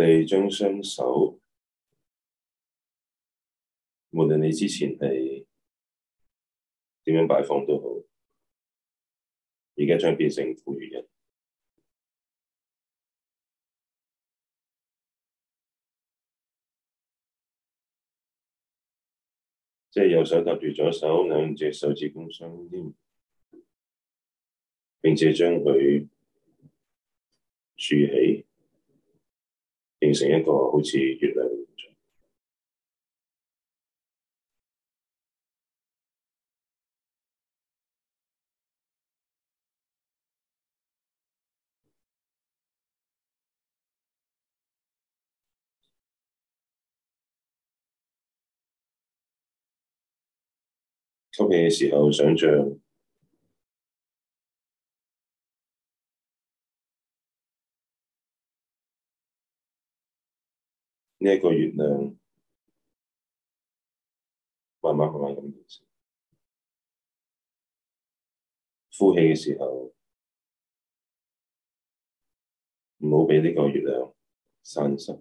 你將雙手，無論你之前係點樣擺放都好，而家將變成副圓形，即係右手搭住左手兩隻手指公雙掂，並且將佢豎起。形成一個好似月亮嘅形象。吸氣嘅時候想像，想象。呢個月亮，慢慢慢慢咁呼氣嘅時候，唔好俾呢個月亮散失。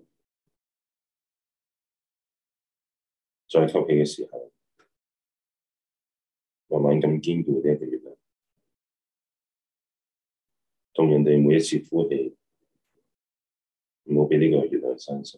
再吸氣嘅時候，慢慢咁堅固呢一個月亮，同人哋每一次呼氣，唔好俾呢個月亮散失。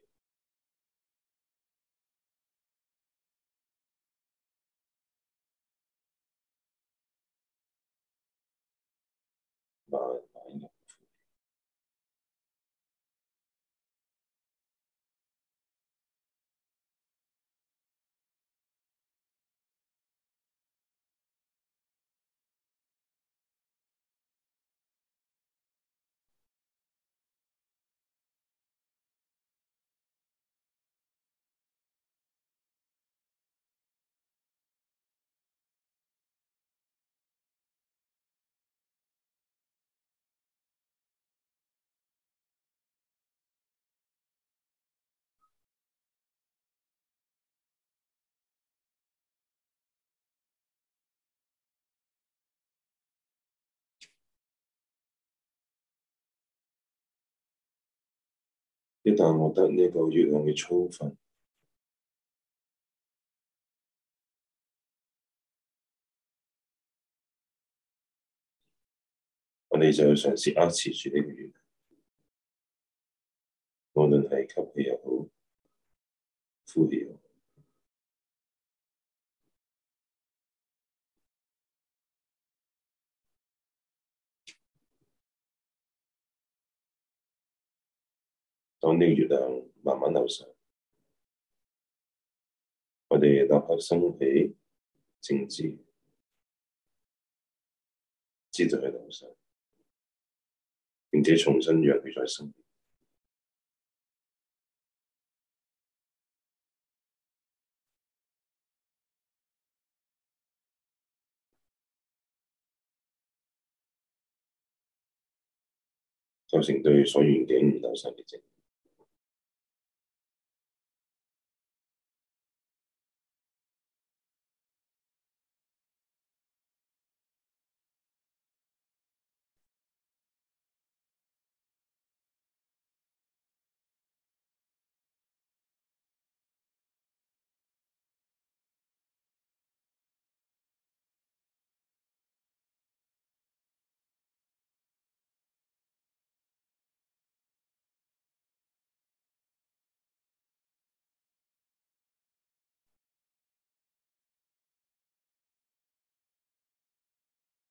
一旦獲得呢個月亮嘅粗分，我哋就要嘗試把持住呢個月亮，無論係吸氣又好，呼氣又好。當呢個月亮慢慢流失，我哋立刻生起正知，知道佢流逝，並且重新讓佢再生，造成對所緣境唔流失嘅正。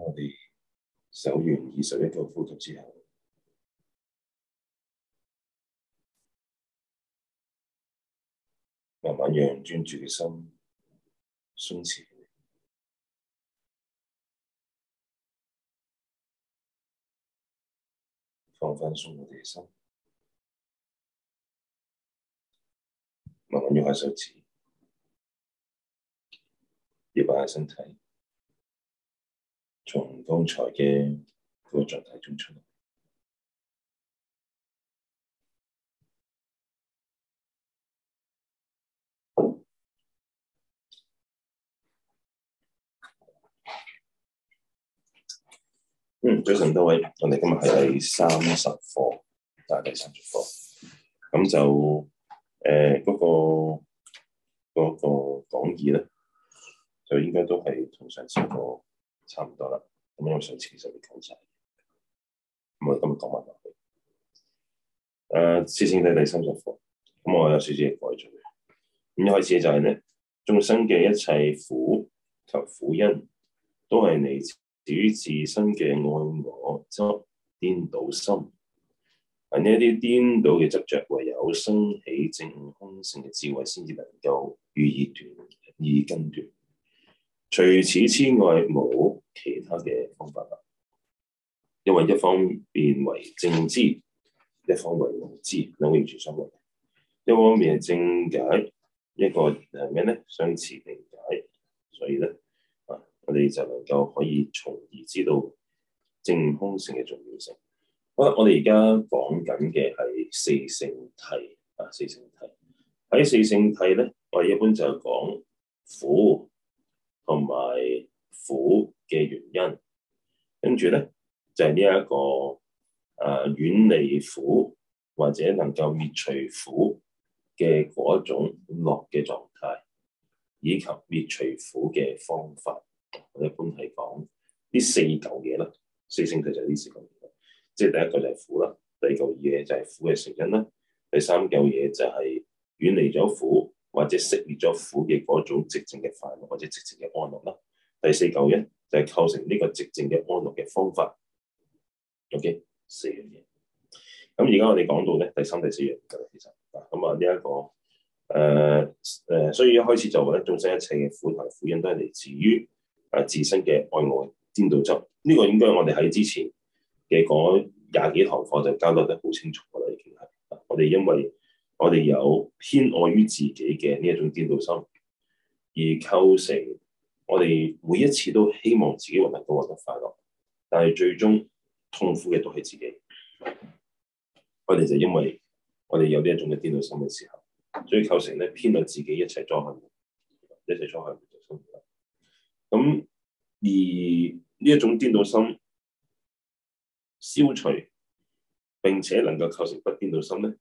我哋做完二十一個呼吸之後，慢慢讓專注嘅心鬆弛，放翻鬆我哋嘅心，慢慢用下手指，擺下身體。從剛才嘅嗰、那個狀態中出嚟。嗯，早晨各位，我哋今日係第三十課，就係第三十課。咁就誒嗰、呃那個嗰、那個講義咧，就應該都係同上次個差唔多啦，咁樣上次其實就講曬，咁我今日講埋落去。誒、呃，師兄睇第三十課，咁我有少少改咗嘅。咁一開始就係、是、咧，眾生嘅一切苦及苦因，都係嚟於自身嘅愛我執、顛倒心。係呢一啲顛倒嘅執着，唯有生起證空性嘅智慧，先至能夠予以斷、予以根斷。除此之外冇其他嘅方法啦，因為一方面為正知，一方面為無知，兩個完全相悖。一方面係正解，一個係咩咧？相似定解，所以咧，啊，我哋就能夠可以從而知道證空性嘅重要性。好啦，我哋而家講緊嘅係四聖諦啊，四聖諦喺四聖諦咧，我哋一般就講苦。同埋苦嘅原因，跟住咧就係呢一個誒遠離苦或者能夠滅除苦嘅嗰一種樂嘅狀態，以及滅除苦嘅方法。我一般係講呢四舊嘢啦，四聖諦就係呢四嚿嘢，即係第一個就係苦啦，第二嚿嘢就係苦嘅成因啦，第三嚿嘢就係遠離咗苦。或者熄滅咗苦嘅嗰種寂靜嘅快樂，或者寂靜嘅安樂啦。第四個咧就係構成呢個寂靜嘅安樂嘅方法。OK. 四樣嘢。咁而家我哋講到咧第三第四樣嘅啦，其實啊咁啊呢一個誒誒、呃呃，所以一開始就話咧，眾生一切嘅苦同埋苦因都係嚟自於啊自身嘅愛我顛倒執。呢個應該我哋喺之前嘅嗰廿幾堂課就交代得好清楚啦，已經係我哋因為。我哋有偏愛於自己嘅呢一種顛倒心，而構成我哋每一次都希望自己能夠獲得快樂，但係最終痛苦嘅都係自己。我哋就因為我哋有呢一種嘅顛倒心嘅時候，所以構成咧偏愛自己一齊作害，一齊作害生活。咁而呢一種顛倒心消除，並且能夠構成不顛倒心咧。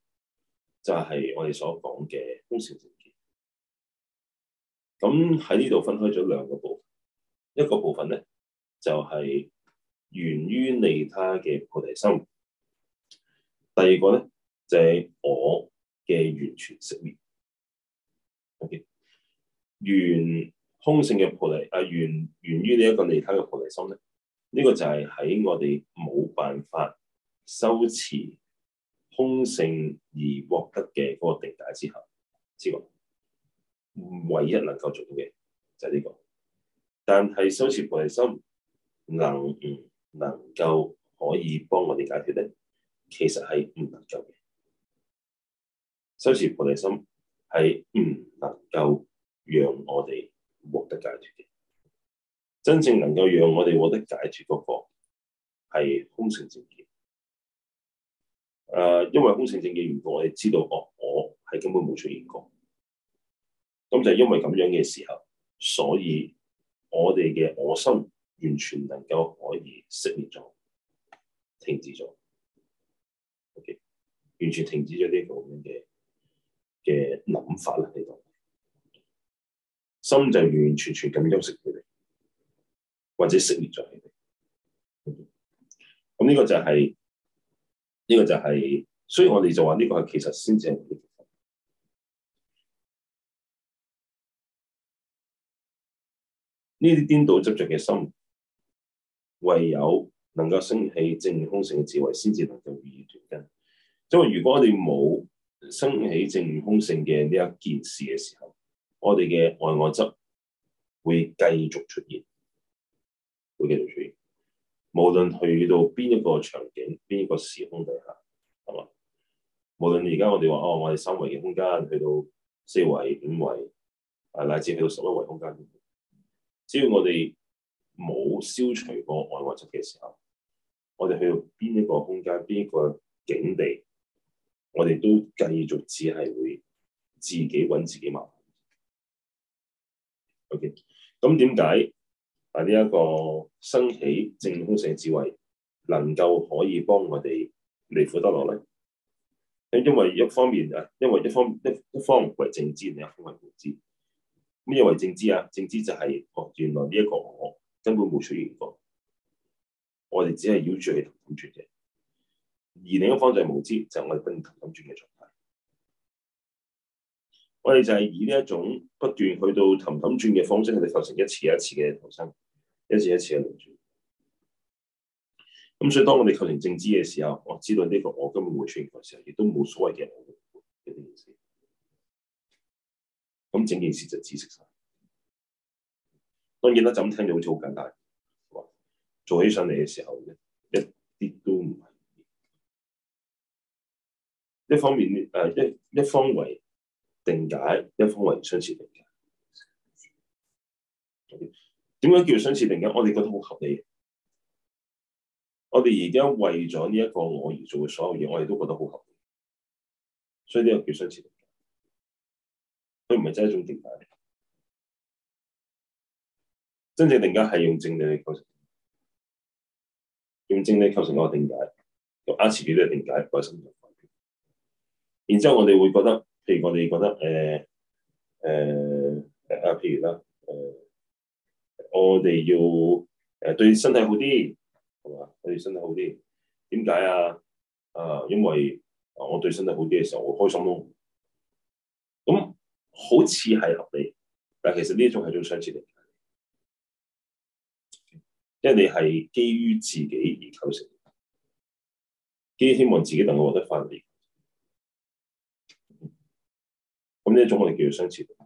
就係我哋所講嘅空性正見。咁喺呢度分開咗兩個部分，一個部分咧就係、是、源於利他嘅菩提心，第二個咧就係、是、我嘅完全熄滅。O.K. 源空性嘅菩提啊，源源於呢一個利他嘅菩提心咧，呢、這個就係喺我哋冇辦法修持。空性而獲得嘅嗰個定解之後，知唔知？唯一能夠做到嘅就係、是、呢、這個，但係修持菩提心能唔能夠可以幫我哋解決呢？其實係唔能夠嘅，修持菩提心係唔能夠讓我哋獲得解決嘅。真正能夠讓我哋獲得解決嗰、那個係空性性。誒、呃，因為空性證嘅緣故，我知道我，我我係根本冇出現過。咁就因為咁樣嘅時候，所以我哋嘅我心完全能夠可以熄滅咗，停止咗。O.K.，完全停止咗呢個咁嘅嘅諗法啦。喺度心就完完全全咁休息佢哋，或者熄滅咗佢哋。咁、okay? 呢個就係、是。呢個就係、是，所以我哋就話呢個係其實先至係。呢啲顛倒執着嘅心，唯有能夠生起證悟空性嘅智慧，先至能夠予以斷根。因為如果我哋冇生起證悟空性嘅呢一件事嘅時候，我哋嘅愛我執會繼續出現，會繼續出現。無論去到邊一個場景、邊一個時空底下，係嘛？無論而家我哋話哦，我哋三維嘅空間去到四維、五維，啊，乃至去到十一維空間，只要我哋冇消除個愛我執嘅時候，我哋去到邊一個空間、邊一個境地，我哋都繼續只係會自己揾自己麻煩。O.K. 咁點解？呢一、啊，這個生起證空性智慧，能夠可以幫我哋離苦得樂嚟。咁因為一方面啊，因為一方一一方為正知，另一方為無知。咁因為正知啊，正知就係、是、哦，原來呢一個我根本冇出現過，我哋只係繞住嚟氹氹轉嘅。而另一方就係無知，就是、我哋不斷氹氹轉嘅狀態。我哋就係以呢一種不斷去到氹氹轉嘅方式，佢哋構成一次一次嘅投生。一次一次嘅輪轉，咁所以當我哋構成正知嘅時候，我知道呢個我根本唔會出現嘅時候，亦都冇所謂嘅嘢嘅呢件事。咁整件事就知悉晒。當然啦，就咁聽就好似好簡單，做起上嚟嘅時候一啲都唔係。一方面誒、呃，一一方為定解，一方為相似定解。點樣叫相似定解？我哋覺得好合理。我哋而家為咗呢一個我而做嘅所有嘢，我哋都覺得好合理的。所以呢個叫相似定解。佢唔係真係一種定解。真正定解係用正理嚟構成，用正理構成一個定解。用 R 字表呢個定解，改新嘅改變。然之後我哋會覺得，譬如我哋覺得，誒、呃，誒、呃呃，啊，譬如啦，誒、呃。我哋要誒對身體好啲，係嘛？對身體好啲，點解啊？啊，因為啊，我對身體好啲嘅時候，我開心咯。咁好似係合理，但係其實呢一種係一種相似定解，Okay. 因為你係基於自己而構成，基於希望自己能夠獲得快樂。咁呢一種我哋叫做相似定解，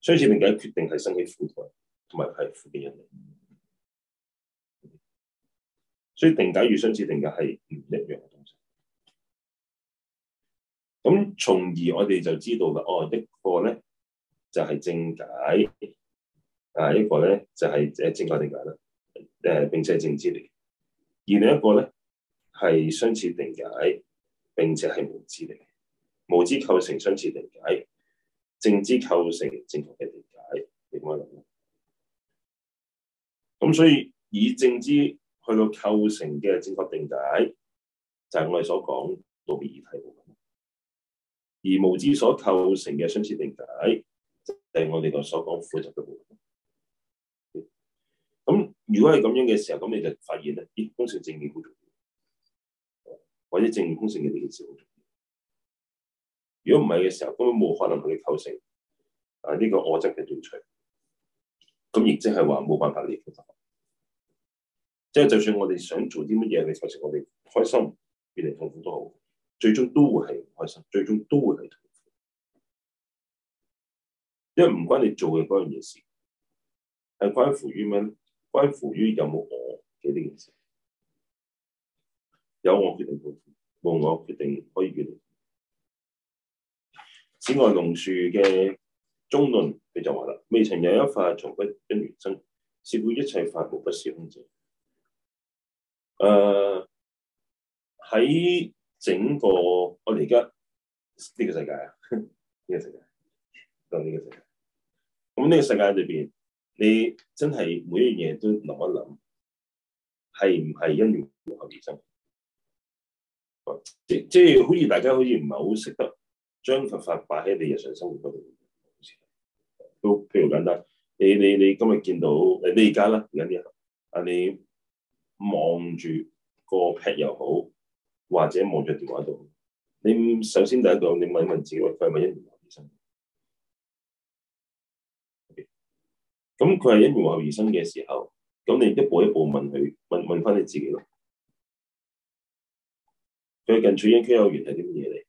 相似定解決定係生起苦諦。同埋係負面人嚟，所以定解與相似定解係唔一樣嘅東西。咁從而我哋就知道啦。哦，一個咧就係、是、正解，啊一個咧就係、是、誒正確定解啦。誒並且係正知嚟，而另一個咧係相似定解，並且係無知嚟。無知構成相似定解，正知構成正確嘅定解。另外諗咧？咁所以以正知去到構成嘅正確定解，就係、是、我哋所講道義議題；而無知所構成嘅相似定解，就係、是、我哋個所講負責嘅部分。咁如果係咁樣嘅時候，咁你就發現咧，啲公正正，正義好重要，或者正義公正嘅呢件事好重要。如果唔係嘅時候，根本冇可能同你構成啊呢、這個我質嘅對錯。咁亦即係話冇辦法嚟解決。即係就算我哋想做啲乜嘢，你甚至我哋開心變嚟痛苦都好，最終都會係唔開心，最終都會係痛苦。因為唔關你做嘅嗰樣嘢事，係關乎於咩呢？關乎於有冇我嘅呢件事，有我決定冇我決定可以決定。此外，龍樹嘅中論佢就話啦：未曾有一法不從因緣生，是故一切法無不是空者。誒，喺、uh, 整個我哋而家呢個世界啊，呢、這個世界，當呢個世界，咁呢個世界裏邊，你真係每一樣嘢都諗一諗，係唔係因緣果而生？即即係好似大家好似唔係好識得將佛法擺喺你日常生活度。好似，都譬如簡單，你你你今日見到誒，你而家啦，而家啲啊你。望住個 pad 又好，或者望住電話度。你首先第一個，你問一問自己：，佢係咪因緣和合而生？咁佢係因緣和合而生嘅時候，咁你一步一步問佢，問問翻你自己咯。最近取因、俱有緣係啲乜嘢嚟？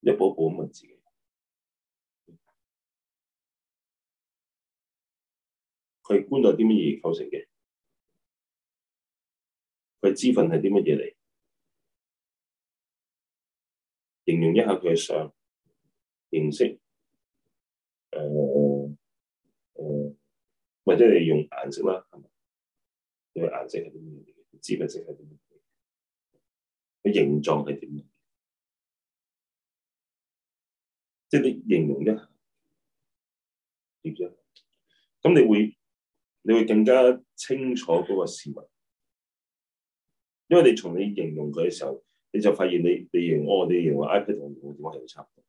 一步一步咁問自己。佢觀待啲乜嘢構成嘅？佢姿份係啲乜嘢嚟？形容一下佢嘅相，形式，誒誒、嗯，嗯、或者係用顏色啦，係咪？佢顏色係點嘅？姿份色係點嘅？佢形狀係點嘅？即係你形容一下，點啫？咁你會，你會更加清楚嗰個事物。因為你從你形容佢嘅時候，你就發現你，例如我，你認為 iPad 同電話係差不多，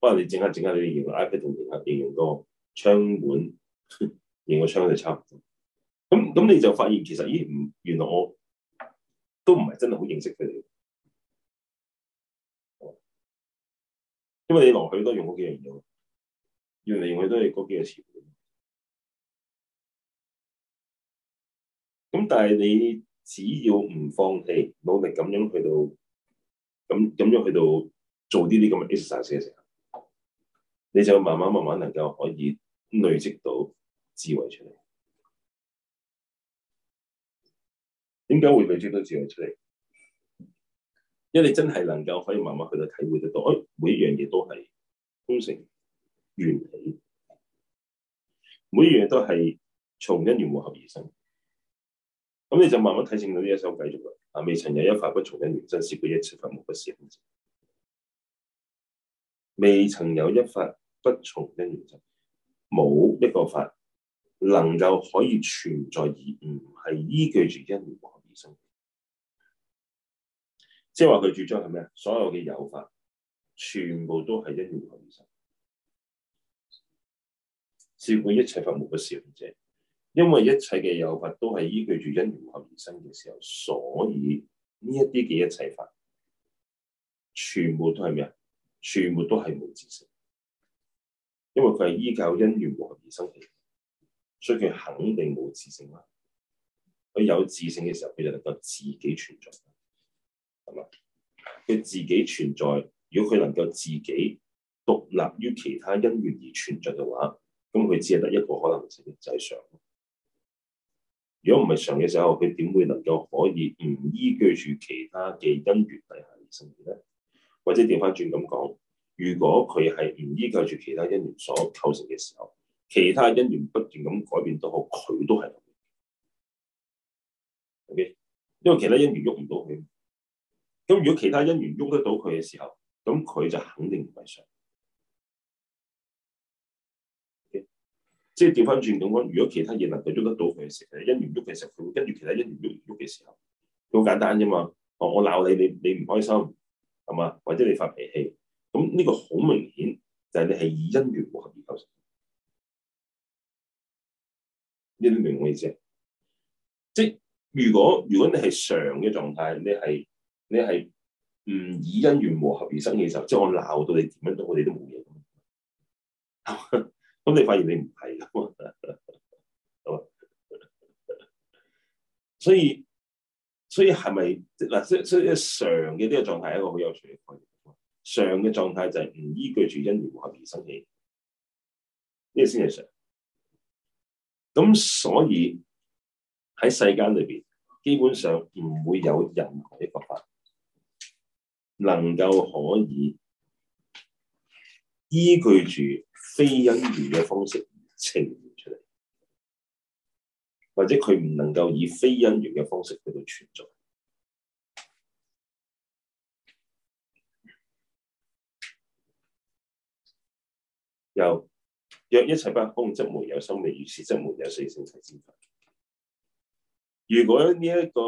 不過你整下整下，你認為 iPad 同其他形容個窗碗，形容窗就差唔多，咁咁你就發現其實，咦，唔，原來我都唔係真係好認識佢哋，因為你來去都用嗰幾樣嘢，原來用嚟用去都係嗰幾樣詞，咁但係你。只要唔放棄，努力咁樣去到，咁咁樣，樣去到做啲啲 exercise 嘅時候，你就慢慢慢慢能夠可以累積到智慧出嚟。點解會累積到智慧出嚟？因為你真係能夠可以慢慢去到體會得到，誒，每一樣嘢都係空性，緣起，每樣嘢都係從因緣和合而生。咁你就慢慢睇清楚呢一首繼續啦。啊，未曾有一法，不從因緣生，是故一切法，無不是空者。未曾有一法，不從因緣生，冇一個法能夠可以存在而唔係依據住因緣而生。即係話佢主張係咩啊？所有嘅有法，全部都係因緣而生，是故一切法，無不是空者。因為一切嘅有法都係依據住因緣和合而生嘅時候，所以呢一啲嘅一切法，全部都係咩啊？全部都係無自性，因為佢係依靠因緣和合而生嘅，所以佢肯定無自性啦。佢有自性嘅時候，佢就能夠自己存在，係嘛？佢自己存在，如果佢能夠自己獨立於其他因緣而存在嘅話，咁佢只係得一個可能性嘅。就係常。如果唔係常嘅時候，佢點會能夠可以唔依據住其他嘅因緣底下而生活咧？或者調翻轉咁講，如果佢係唔依據住其他因緣所構成嘅時候，其他因緣不斷咁改變都好，佢都係咁。O、okay? K，因為其他因緣喐唔到佢，咁如果其他因緣喐得到佢嘅時候，咁佢就肯定唔係常。即係調翻轉咁講，如果其他嘢能夠喐得到佢嘅時候，因緣喐嘅時候，佢會跟住其他因緣喐喐嘅時候，好簡單啫嘛。哦，我鬧你，你你唔開心，係嘛？或者你發脾氣，咁呢個好明顯就係你係以因緣和合而構成。你明唔明我意思？即係如果如果你係常嘅狀態，你係你係唔以因緣和合而生嘅時候，即係我鬧到你點樣到，我哋都冇嘢。咁你發現你唔係㗎嘛？啊？ 所以所以係咪嗱？即即係，所以常嘅呢個狀態係一個好有趣嘅概念。常嘅狀態就係唔依據住因緣和合而生起，呢、這個先係常。咁所以喺世間裏邊，基本上唔會有任何嘅佛法能夠可以。依據住非因緣嘅方式呈現出嚟，或者佢唔能夠以非因緣嘅方式去存在。又若一切不空，則沒有生滅；未如是，則沒有四聖諦之法。如果呢、這、一個，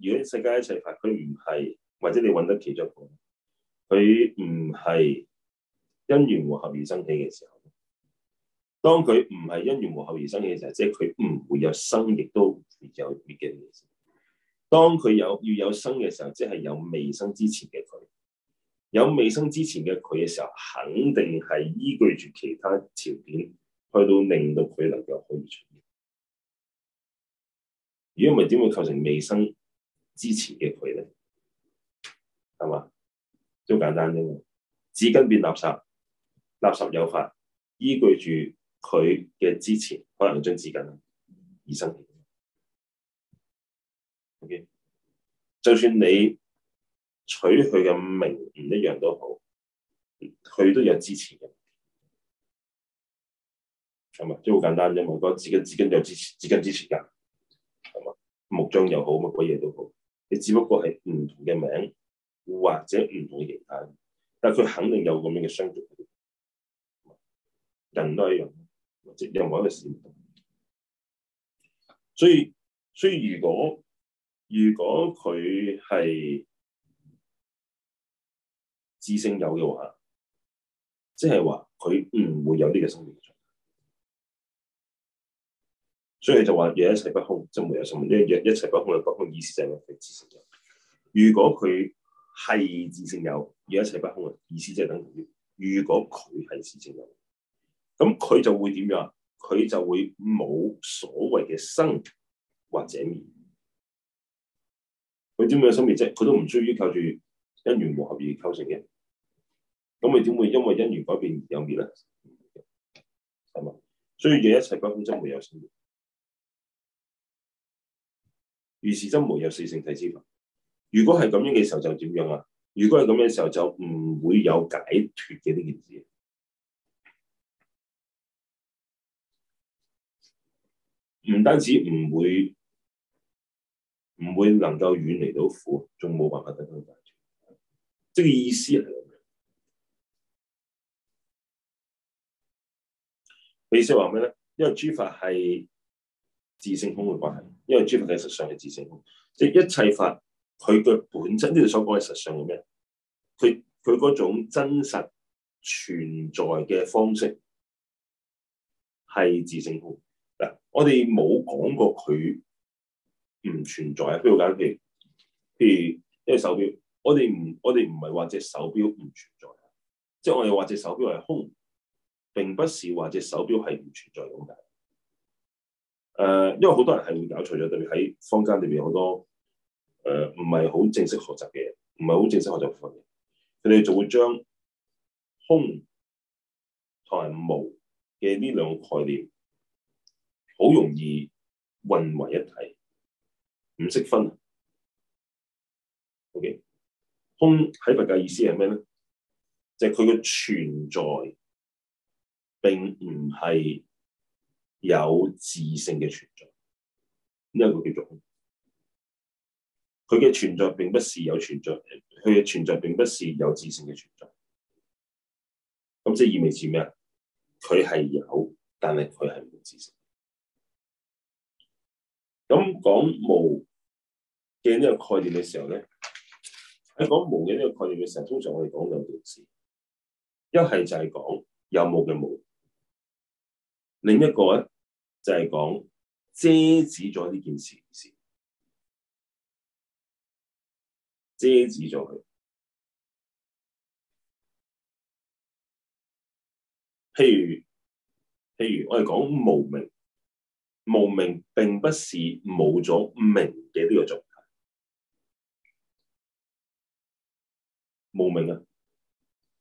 如果世界一切法佢唔係，或者你揾得其中一個，佢唔係。因緣和合而生起嘅時候，當佢唔係因緣和合而生起嘅時候，即係佢唔會有生亦都唔會有滅嘅。當佢有要有生嘅時候，即係有未生之前嘅佢，有未生之前嘅佢嘅時候，肯定係依據住其他條件去到令到佢能夠可以出現。如果唔係，點會構成未生之前嘅佢咧？係嘛？都簡單啲，紙巾變垃圾。垃圾有法，依據住佢嘅支持，可能係張紙巾啦，生 O.K. 就算你取佢嘅名唔一樣都好，佢都有支持嘅，係嘛？即係好簡單啫冇講紙巾、紙巾有支持，紙巾支持㗎，係嘛？木匠又好，乜鬼嘢都好，你只不過係唔同嘅名或者唔同嘅形態，但係佢肯定有咁樣嘅相續。人類人，或者任何一個事物，所以所以如果如果佢係自性有嘅話，即係話佢唔會有呢個生命存在，所以就話若一切不空，就沒有生命。若一切不空嘅不空意思就係佢自性有。如果佢係自性有，若一切不空嘅意思就係等同於，如果佢係自性有。咁佢就會點樣？佢就會冇所謂嘅生或者滅。佢點有生滅啫？佢都唔需要靠住因緣和合而構成嘅。咁你點會因為因緣改變而有滅咧？係嘛？所以嘢一切不本真沒有生命。如是真沒有四性體之法。如果係咁樣嘅時候就點樣啊？如果係咁嘅時候就唔會有解脱嘅呢件事。唔單止唔會唔會能夠遠離到苦，仲冇辦法得到解脫。即係個意思係咁樣。你意思話咩咧？因為諸法係自性空嘅關係，因為諸法嘅實相係自性空。即係一切法佢嘅本質，呢度所講嘅實相係咩？佢佢嗰種真實存在嘅方式係自性空的。我哋冇講過佢唔存在啊！譬如講，譬如譬如一隻手表，我哋唔我哋唔係話隻手表唔存在，即係我哋話隻手表係空，並不是話隻手表係唔存在咁解。誒、呃，因為好多人係會搞錯咗，特別喺坊間裏邊好多誒唔係好正式學習嘅嘢，唔係好正式學習部人，嘅，佢哋就會將空同埋無嘅呢兩個概念，好容易混為一體，唔識分。O.K. 空喺佛嘅意思係咩咧？就佢、是、嘅存在並唔係有自性嘅存在。呢一個叫做空，佢嘅存在並不是有存在，佢嘅存在並不是有自性嘅存在。咁即係意味住咩啊？佢係有，但係佢係冇自性。咁講無嘅呢個概念嘅時候咧，喺講無嘅呢個概念嘅時候，通常我哋講兩件事，一係就係講有，有無嘅無，另一個咧就係講遮止咗呢件事，遮止咗佢。譬如譬如我哋講無明。無明並不是冇咗明嘅呢個狀態，無明啊，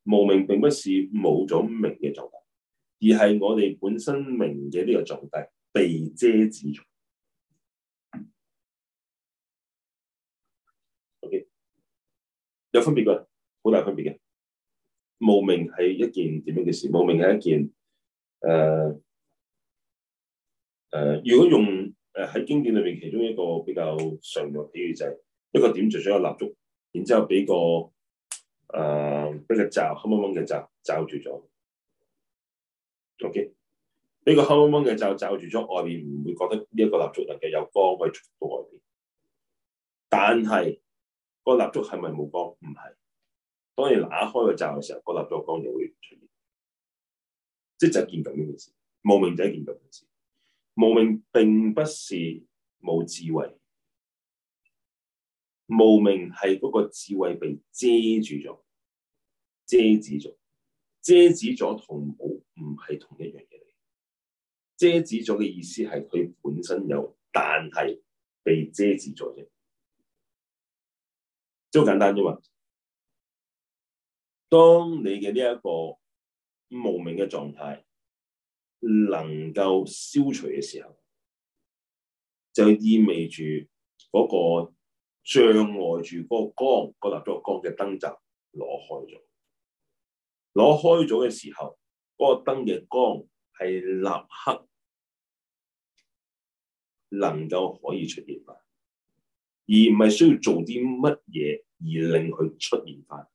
無明並不是冇咗明嘅狀態，而係我哋本身明嘅呢個狀態被遮住。Okay，有分別噶，好大分別嘅。無明係一件點樣嘅事？無明係一件誒。呃誒、呃，如果用誒喺、呃、經典裏邊其中一個比較常用比喻，就係一個點着咗個蠟燭，然之後俾個誒俾、呃那個罩，黑蒙蒙嘅罩罩住咗。O.K. 呢個黑蒙蒙嘅罩罩住咗，外邊唔會覺得呢一個蠟燭能夠有光可以出到外邊。但係，那個蠟燭係咪冇光？唔係。當你打開個罩嘅時候，個蠟燭光就會出現。即係就係建構呢件事，無明就係建構呢件事。無明並不是冇智慧，無明係嗰個智慧被遮住咗，遮止咗，遮止咗同冇唔係同一樣嘢嚟。遮止咗嘅意思係佢本身有，但係被遮止咗啫，都簡單啫嘛。當你嘅呢一個無明嘅狀態。能夠消除嘅時候，就意味住嗰個障礙住個光、個立咗個光嘅燈罩攞開咗。攞開咗嘅時候，嗰、嗰個燈嘅光係立刻能夠可以出現返，而唔係需要做啲乜嘢而令佢出現返。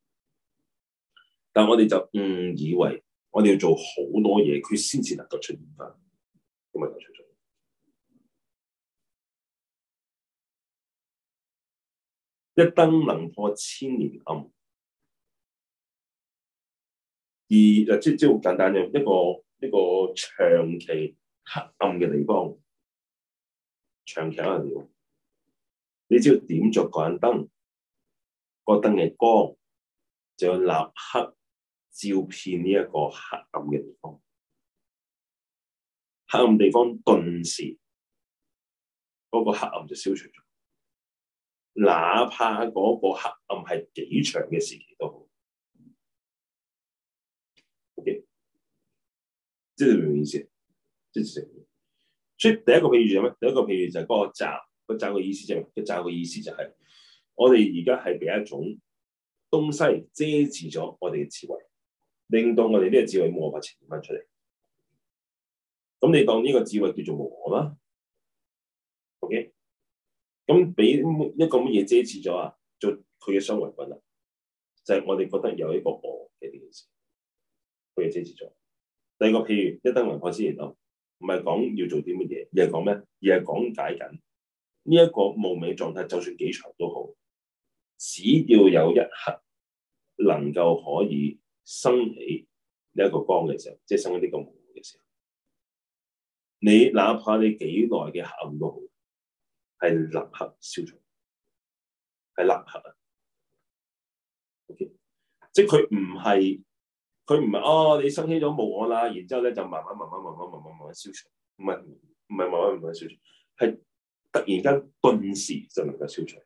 但我哋就誤以為。我哋要做好多嘢，佢先至能夠出現翻，因為有創一燈能破千年暗，而啊，即即好簡單嘅一個一個長期黑暗嘅地方，長期可能要你只要點着個人燈，個燈嘅光就立刻。照片呢一個黑暗嘅地方，黑暗地方頓時嗰、那個黑暗就消除咗，哪怕嗰個黑暗係幾長嘅時期都好。O K，知唔知咩意思？知唔知？所以第一個譬喻係咩？第一個譬喻就係嗰個閘，個閘嘅意思就是，個閘嘅意思就係、是、我哋而家係俾一種東西遮住咗我哋嘅智慧。令到我哋呢個智慧冇法呈現出嚟，咁你當呢個智慧叫做無我啦，OK？咁俾一個乜嘢遮住咗啊？做佢嘅雙維棍啦，就係、是、我哋覺得有一個我嘅呢件事，佢係遮住咗。第二個，譬如一登明破之前，咯，唔係講要做啲乜嘢，而係講咩？而係講解緊呢一個無名狀態，就算幾長都好，只要有一刻能夠可以。生起呢一個光嘅時候，即係生起啲光嘅時候，你哪怕你幾耐嘅黑暗都好，係立刻消除，係立刻啊。OK，即係佢唔係，佢唔係哦，你生起咗無我啦，然之後咧就慢慢慢慢慢慢慢慢慢慢消除，唔係，唔係慢慢慢慢消除，係突然間頓時就能夠消除。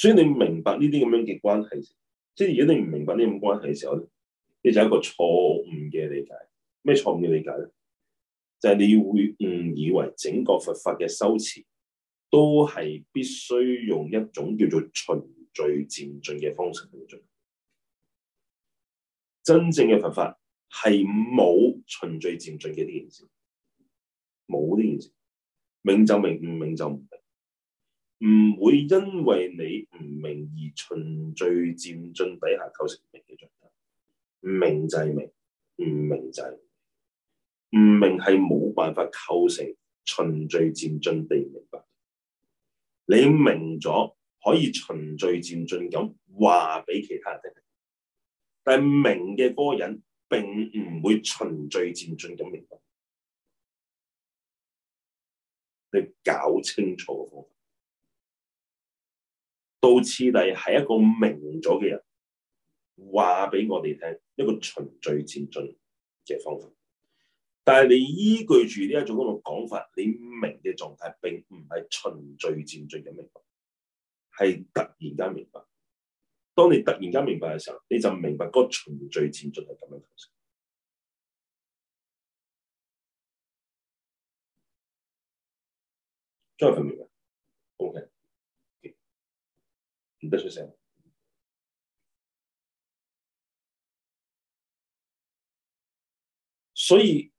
所以你明白呢啲咁樣嘅關係，即係如果你唔明白呢種關係嘅時候咧，你就有一個錯誤嘅理解。咩錯誤嘅理解咧？就係、是、你會誤以為整個佛法嘅修持都係必須用一種叫做循序漸進嘅方式去進行。真正嘅佛法係冇循序漸進嘅呢件事，冇呢件事。明就明，唔明就唔。唔會因為你唔明而循序漸進底下構成明嘅狀態。明就係明，唔明就係唔明，係冇辦法構成循序漸進地明白。你明咗可以循序漸進咁話俾其他人聽，但係明嘅個人並唔會循序漸進咁明白，去搞清楚個方法。倒次例係一個明咗嘅人話俾我哋聽一個循序漸進嘅方法，但係你依據住呢一種嗰個講法，你明嘅狀態並唔係循序漸進嘅明白，係突然間明白。當你突然間明白嘅時候，你就明白嗰個循序漸進係咁樣構成。再分明白，OK。唔得出先，所以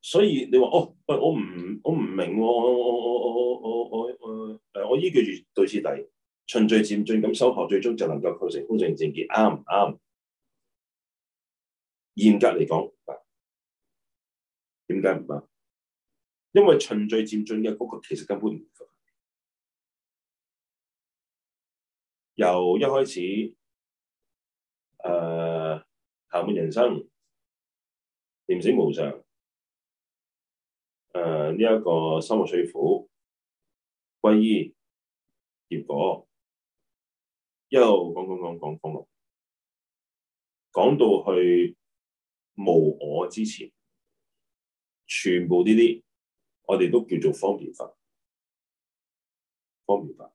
所以你話哦，哦，我唔我唔明，我我我我我我我誒，我依據住對次第循序漸進咁修學，最終就能夠構成公正正義，啱唔啱？嚴格嚟講，點解唔啱？因為循序漸進嘅嗰個其實根本唔。由一開始，誒、呃，談人生，念死無常，誒呢一個三惡趣苦，歸依結果，一路講講講講講落，講到去無我之前，全部呢啲我哋都叫做方便法，方便法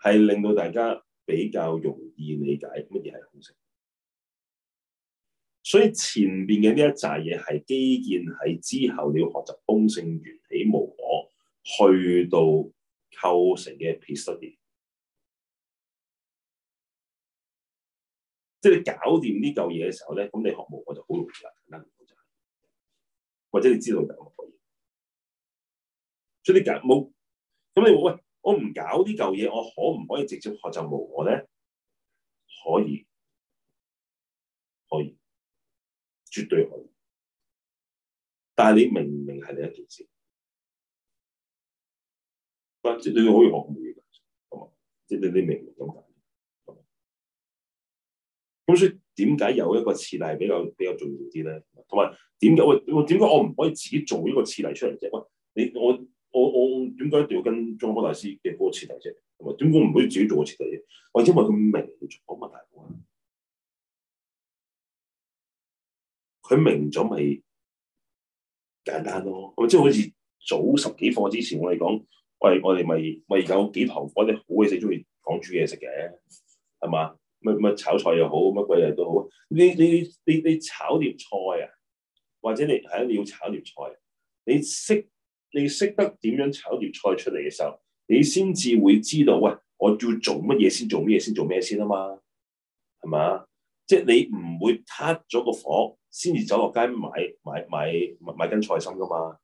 係令到大家。比較容易理解乜嘢係空性。所以前邊嘅呢一紮嘢係基建，喺之後你要學習空性緣起無我，去到構成嘅 piece 即係你搞掂呢嚿嘢嘅時候咧，咁你學無我就好容易啦，簡單咗，或者你知道就學嘢，出啲格冇，咁你喂？我唔搞呢舊嘢，我可唔可以直接學習無我咧？可以，可以，絕對可以。但係你明唔明係你一件事？喂，即係你可以學無嘢嘅，係嘛？即係你你明唔明咁解？咁所以點解有一個示例比較比較重要啲咧？同埋點解我點解我唔可以自己做呢個示例出嚟啫？喂，你我。我我點解要跟裝修大師嘅嗰個設計啫？同埋點解唔可以自己做個設計嘅？或者因為佢明好問題，佢明咗咪簡單咯。咁即係好似早十幾課之前我，我哋講，喂，我哋咪咪有幾堂課你好鬼死中意講煮嘢食嘅，係嘛？乜乜炒菜又好，乜鬼嘢都好。你你你你炒碟菜啊，或者你係啊，你要炒碟菜，你識。你識得點樣炒條菜出嚟嘅時候，你先至會知道喂！我要做乜嘢先做乜嘢先做咩先啊、就是、嘛？係嘛？即係你唔會撻咗個火，先至走落街買買買買根菜心噶嘛？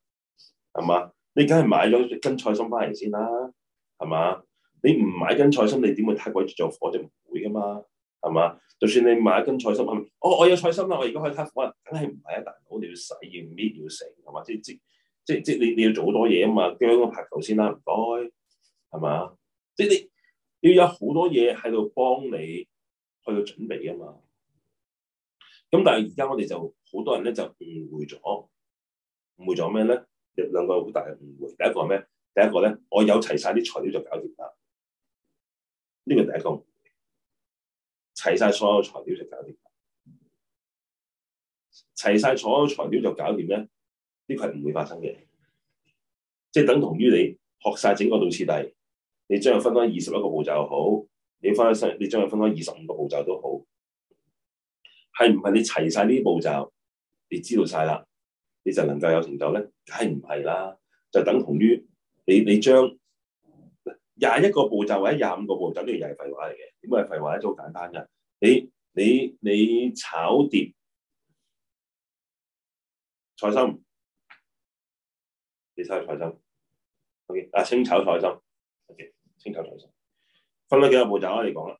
係嘛？你梗係買咗根菜心翻嚟先啦，係嘛？你唔買根菜心，你點會撻鬼做火啫？唔會噶嘛？係嘛？就算你買根菜心，我、哦、我有菜心啦，我而家可以撻梗係唔係啊！大佬你要洗要搣要食，係嘛？即、就、即、是。即即你你要做好多嘢啊嘛，僵一排唔到先啦，唔該，係嘛？即你，你要有好多嘢喺度幫你去到準備啊嘛。咁但係而家我哋就好多人咧就誤會咗，誤會咗咩咧？有兩個好大嘅誤會。第一個係咩？第一個咧，我有齊晒啲材料就搞掂啦。呢個第一個誤會，齊晒所有材料就搞掂啦，齊晒所有材料就搞掂咧。呢個係唔會發生嘅，即係等同於你學晒整個道次第，你將佢分開二十一個步驟又好，你分開你將佢分開二十五個步驟都好，係唔係你齊晒呢啲步驟，你知道晒啦，你就能夠有成就咧？梗係唔係啦？就等同於你你將廿一個步驟或者廿五個步驟，呢個又係廢話嚟嘅。點解係廢話咧？都好簡單嘅。你你你炒碟菜心。你炒菜心，OK？啊，清炒菜心，OK？清炒菜心，分咗幾個步驟啊？你講啦，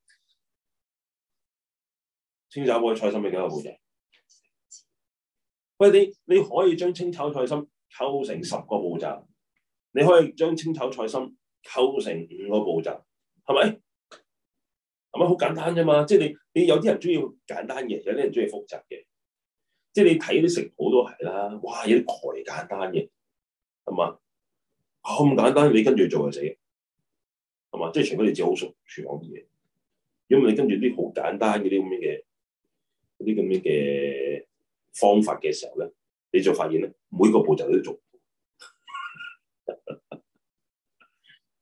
清炒嗰菜心嘅幾多個步驟？喂，你你可以將清炒菜心構成十個步驟，你可以將清炒菜心構成五個步驟，係咪？係咪好簡單啫嘛！即係你，你有啲人中意簡單嘅，有啲人中意複雜嘅。即係你睇啲食譜都係啦，哇，有啲好簡單嘅。係嘛，咁簡單，你跟住做就死，係嘛？即係全部你自己好熟，全行啲嘢。因為你跟住啲好簡單嘅啲咁樣嘅，啲咁樣嘅方法嘅時候咧，你就發現咧，每個步驟都做。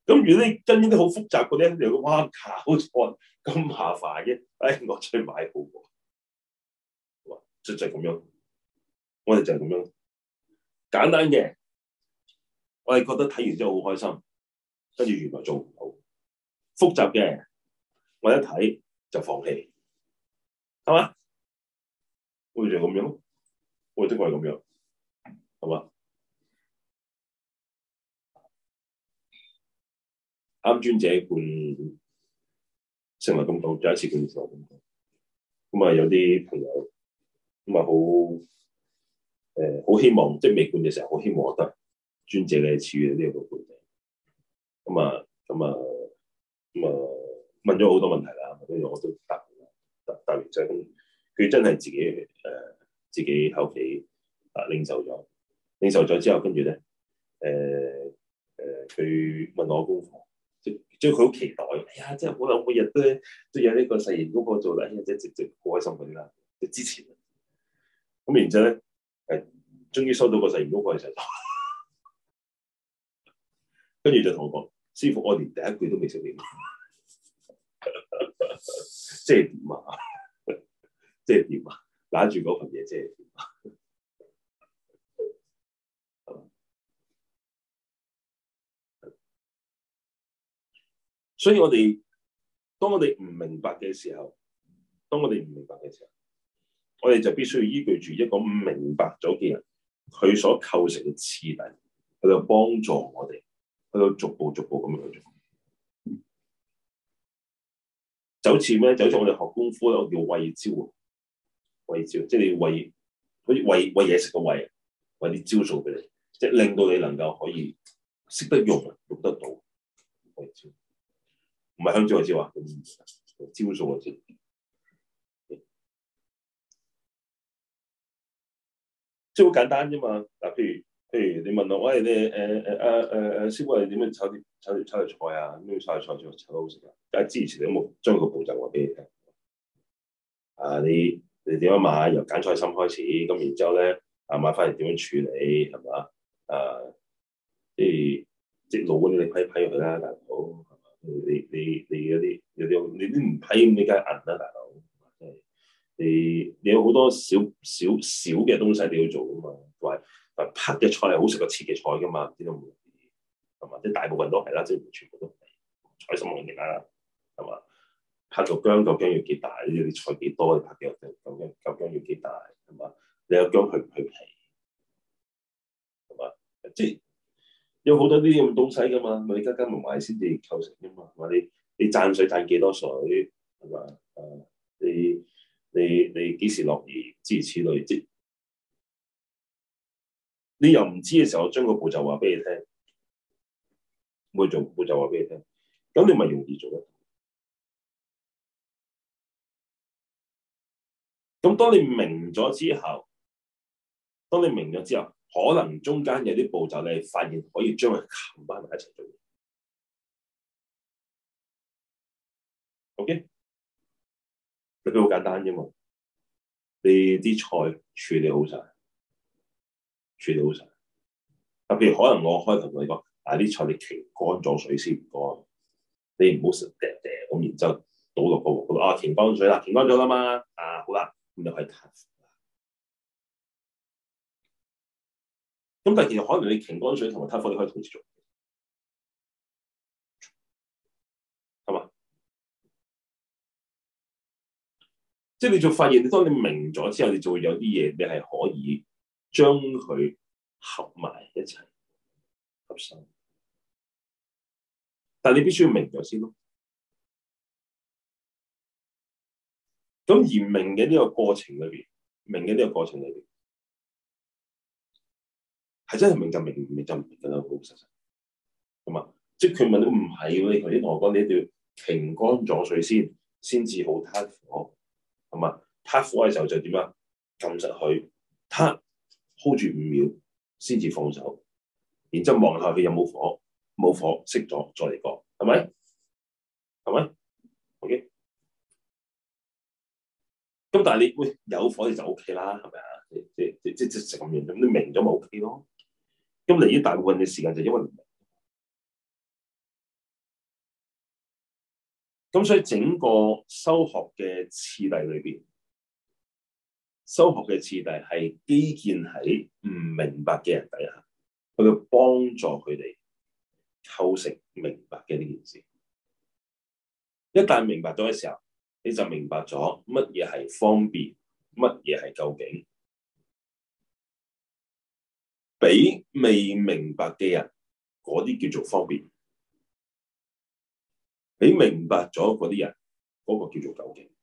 咁 如果你跟啲好複雜嗰啲，你哇搞錯，咁麻煩嘅，哎，我再買部喎。即係就咁樣，我哋就係咁樣簡單嘅。我哋覺得睇完之後好開心，跟住原來做唔到，複雜嘅，我一睇就放棄，係嘛？我哋就咁樣咯，我哋都係咁樣，係嘛？啱專者伴，成日咁講，第一次見嘅時候咁講，咁啊有啲朋友咁啊好，誒好希望，即係未管嘅時候好希望我得。專姐嘅處呢個背景，咁啊咁啊咁啊問咗好多問題啦，跟住我都答完答答完就咁。佢真係自己誒、呃、自己後期啊領受咗，領受咗之後，跟住咧誒誒佢問我功課，即即佢好期待，哎呀即係好耐，每日都都有呢個誓言功課做啦、哎，即係直直好開心嗰啲啦。就之前，咁然之後咧誒，終於收到個誓言功課嘅時候。跟住就同我講，師傅，我連第一句都未識你，即係點啊？即係點啊？攬住嗰份嘢，即係點啊？所以我，我哋當我哋唔明白嘅時候，當我哋唔明白嘅時候，我哋就必須要依據住一個明白咗嘅人，佢所構成嘅次第，去幫助我哋。佢要逐步逐步咁樣去做，就好似咩？就好似我哋學功夫咯，叫餵招，餵招，即係你要餵好似餵餵嘢食嘅餵，餵啲招數俾你，即係令到你能夠可以識得用，用得到餵招，唔係香蕉嘅招啊，招數啊，招招好簡單啫嘛。嗱，譬如。譬如、hey, 你問我，喂，你誒誒阿誒誒師傅，你點樣炒啲炒啲炒嘅菜啊？咩炒菜最炒得好食啊？啊，之前你有冇將個步驟話俾你聽？啊，你你點樣買？由揀菜心開始，咁然之後咧，啊買翻嚟點樣處理？係嘛？誒、啊，即係即老嗰啲你批批佢啦，大佬。你你你啲有啲你啲唔批，你梗係銀啦，大佬。係，你你有好多少少少嘅東西你要做噶嘛，唔拍嘅菜係好食過切嘅菜噶嘛？知道唔同，係嘛？啲大部分都係啦，即係全部都唔菜心裏面啦，係嘛？拍到薑究竟要幾大？呢啲菜幾多？拍幾多？到究竟要幾大？係嘛？你又薑去唔去皮？係嘛？即係有好多啲咁嘅東西噶嘛？你加加埋埋先至構成噶嘛？咪你你賺水賺幾多水？係嘛？啊！你你你幾時落雨？諸如此類之。即你又唔知嘅時候，我將個步驟話俾你聽，會做步驟話俾你聽，咁你咪容易做得。咁當你明咗之後，當你明咗之後，可能中間有啲步驟你發現可以將佢冚翻埋一齊做。OK，佢都好簡單啫嘛，你啲菜處理好晒。處理好曬。啊，譬如可能我開頭同你講，啊啲菜你瓊乾咗水先唔乾，你唔好成掟掟咁，然之後倒落個鍋度。啊，瓊乾水啦，瓊乾咗啦嘛。啊，好啦，咁就可以。咁但係其實可能你瓊乾水同埋吞火你可以同時做，係嘛？即係你就發現，當你明咗之後，你就會有啲嘢你係可以。將佢合埋一齊，合心。但係你必須要明咗先咯。咁而明嘅呢個過程裏邊，明嘅呢個過程裏邊，係真係明就明，唔明就唔明啦，好實實。咁啊，即係佢問你唔係喎，你頭先同我講段要乾乾水先，先至好攤火。咁啊，攤火嘅時候就點啊？撳實佢，攤。hold 住五秒先至放手，然之後望下佢有冇火，冇火熄咗再嚟過，係咪？係咪？OK？咁但係你會有火，okay. 你有火就 OK 啦，係咪啊？即即即即成咁樣，咁你明咗咪 OK 咯？咁嚟於大部分嘅時間就因為唔明，咁所以整個修學嘅次第裏邊。修學嘅次第係基建喺唔明白嘅人底下，去到幫助佢哋構成明白嘅呢件事。一旦明白咗嘅時候，你就明白咗乜嘢係方便，乜嘢係究竟。俾未明白嘅人，嗰啲叫做方便；俾明白咗嗰啲人，嗰、嗰個叫做究竟。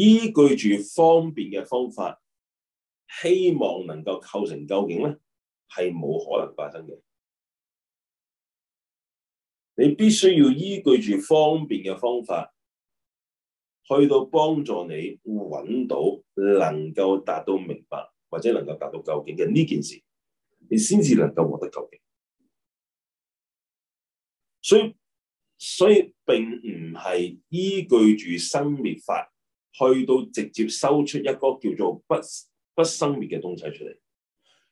依據住方便嘅方法，希望能夠構成究竟咧，係冇可能發生嘅。你必須要依據住方便嘅方法，去到幫助你搵到能夠達到明白，或者能夠達到究竟嘅呢件事，你先至能夠獲得究竟。所以，所以並唔係依據住生滅法。去到直接收出一個叫做不不生滅嘅東西出嚟。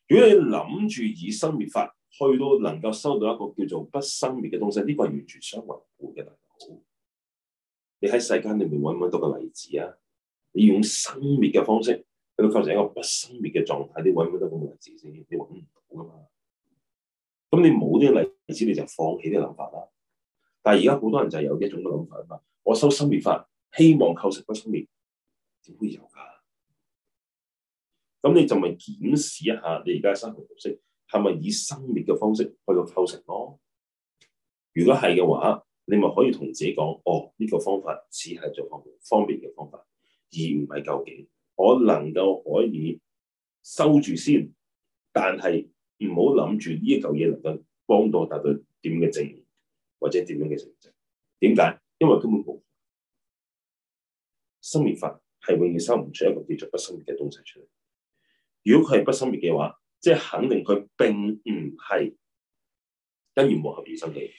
如果你諗住以生滅法去到能夠收到一個叫做不生滅嘅東西，呢個係完全相違背嘅。大佬，你喺世間裏面揾唔揾到個例子啊？你用生滅嘅方式去構成一個不生滅嘅狀態，你揾唔到個例子先，啊，你揾唔到噶嘛。咁你冇呢個例子你就放棄呢個諗法啦。但係而家好多人就有一種嘅諗法啊嘛，我收生滅法，希望構成不生滅。點會有噶？咁你就咪檢視一下你，你而家嘅生活模式係咪以生滅嘅方式去到構成咯？如果係嘅話，你咪可以同自己講：哦，呢、這個方法只係做方便嘅方，方法，而唔係究竟我能夠可以收住先。但係唔好諗住呢一嚿嘢能夠幫到達到點嘅證明，或者點樣嘅成就。點解？因為根本冇生滅法。係永遠生唔出一個叫做不生滅嘅東西出嚟。如果佢係不生滅嘅話，即係肯定佢並唔係因緣和合而生起。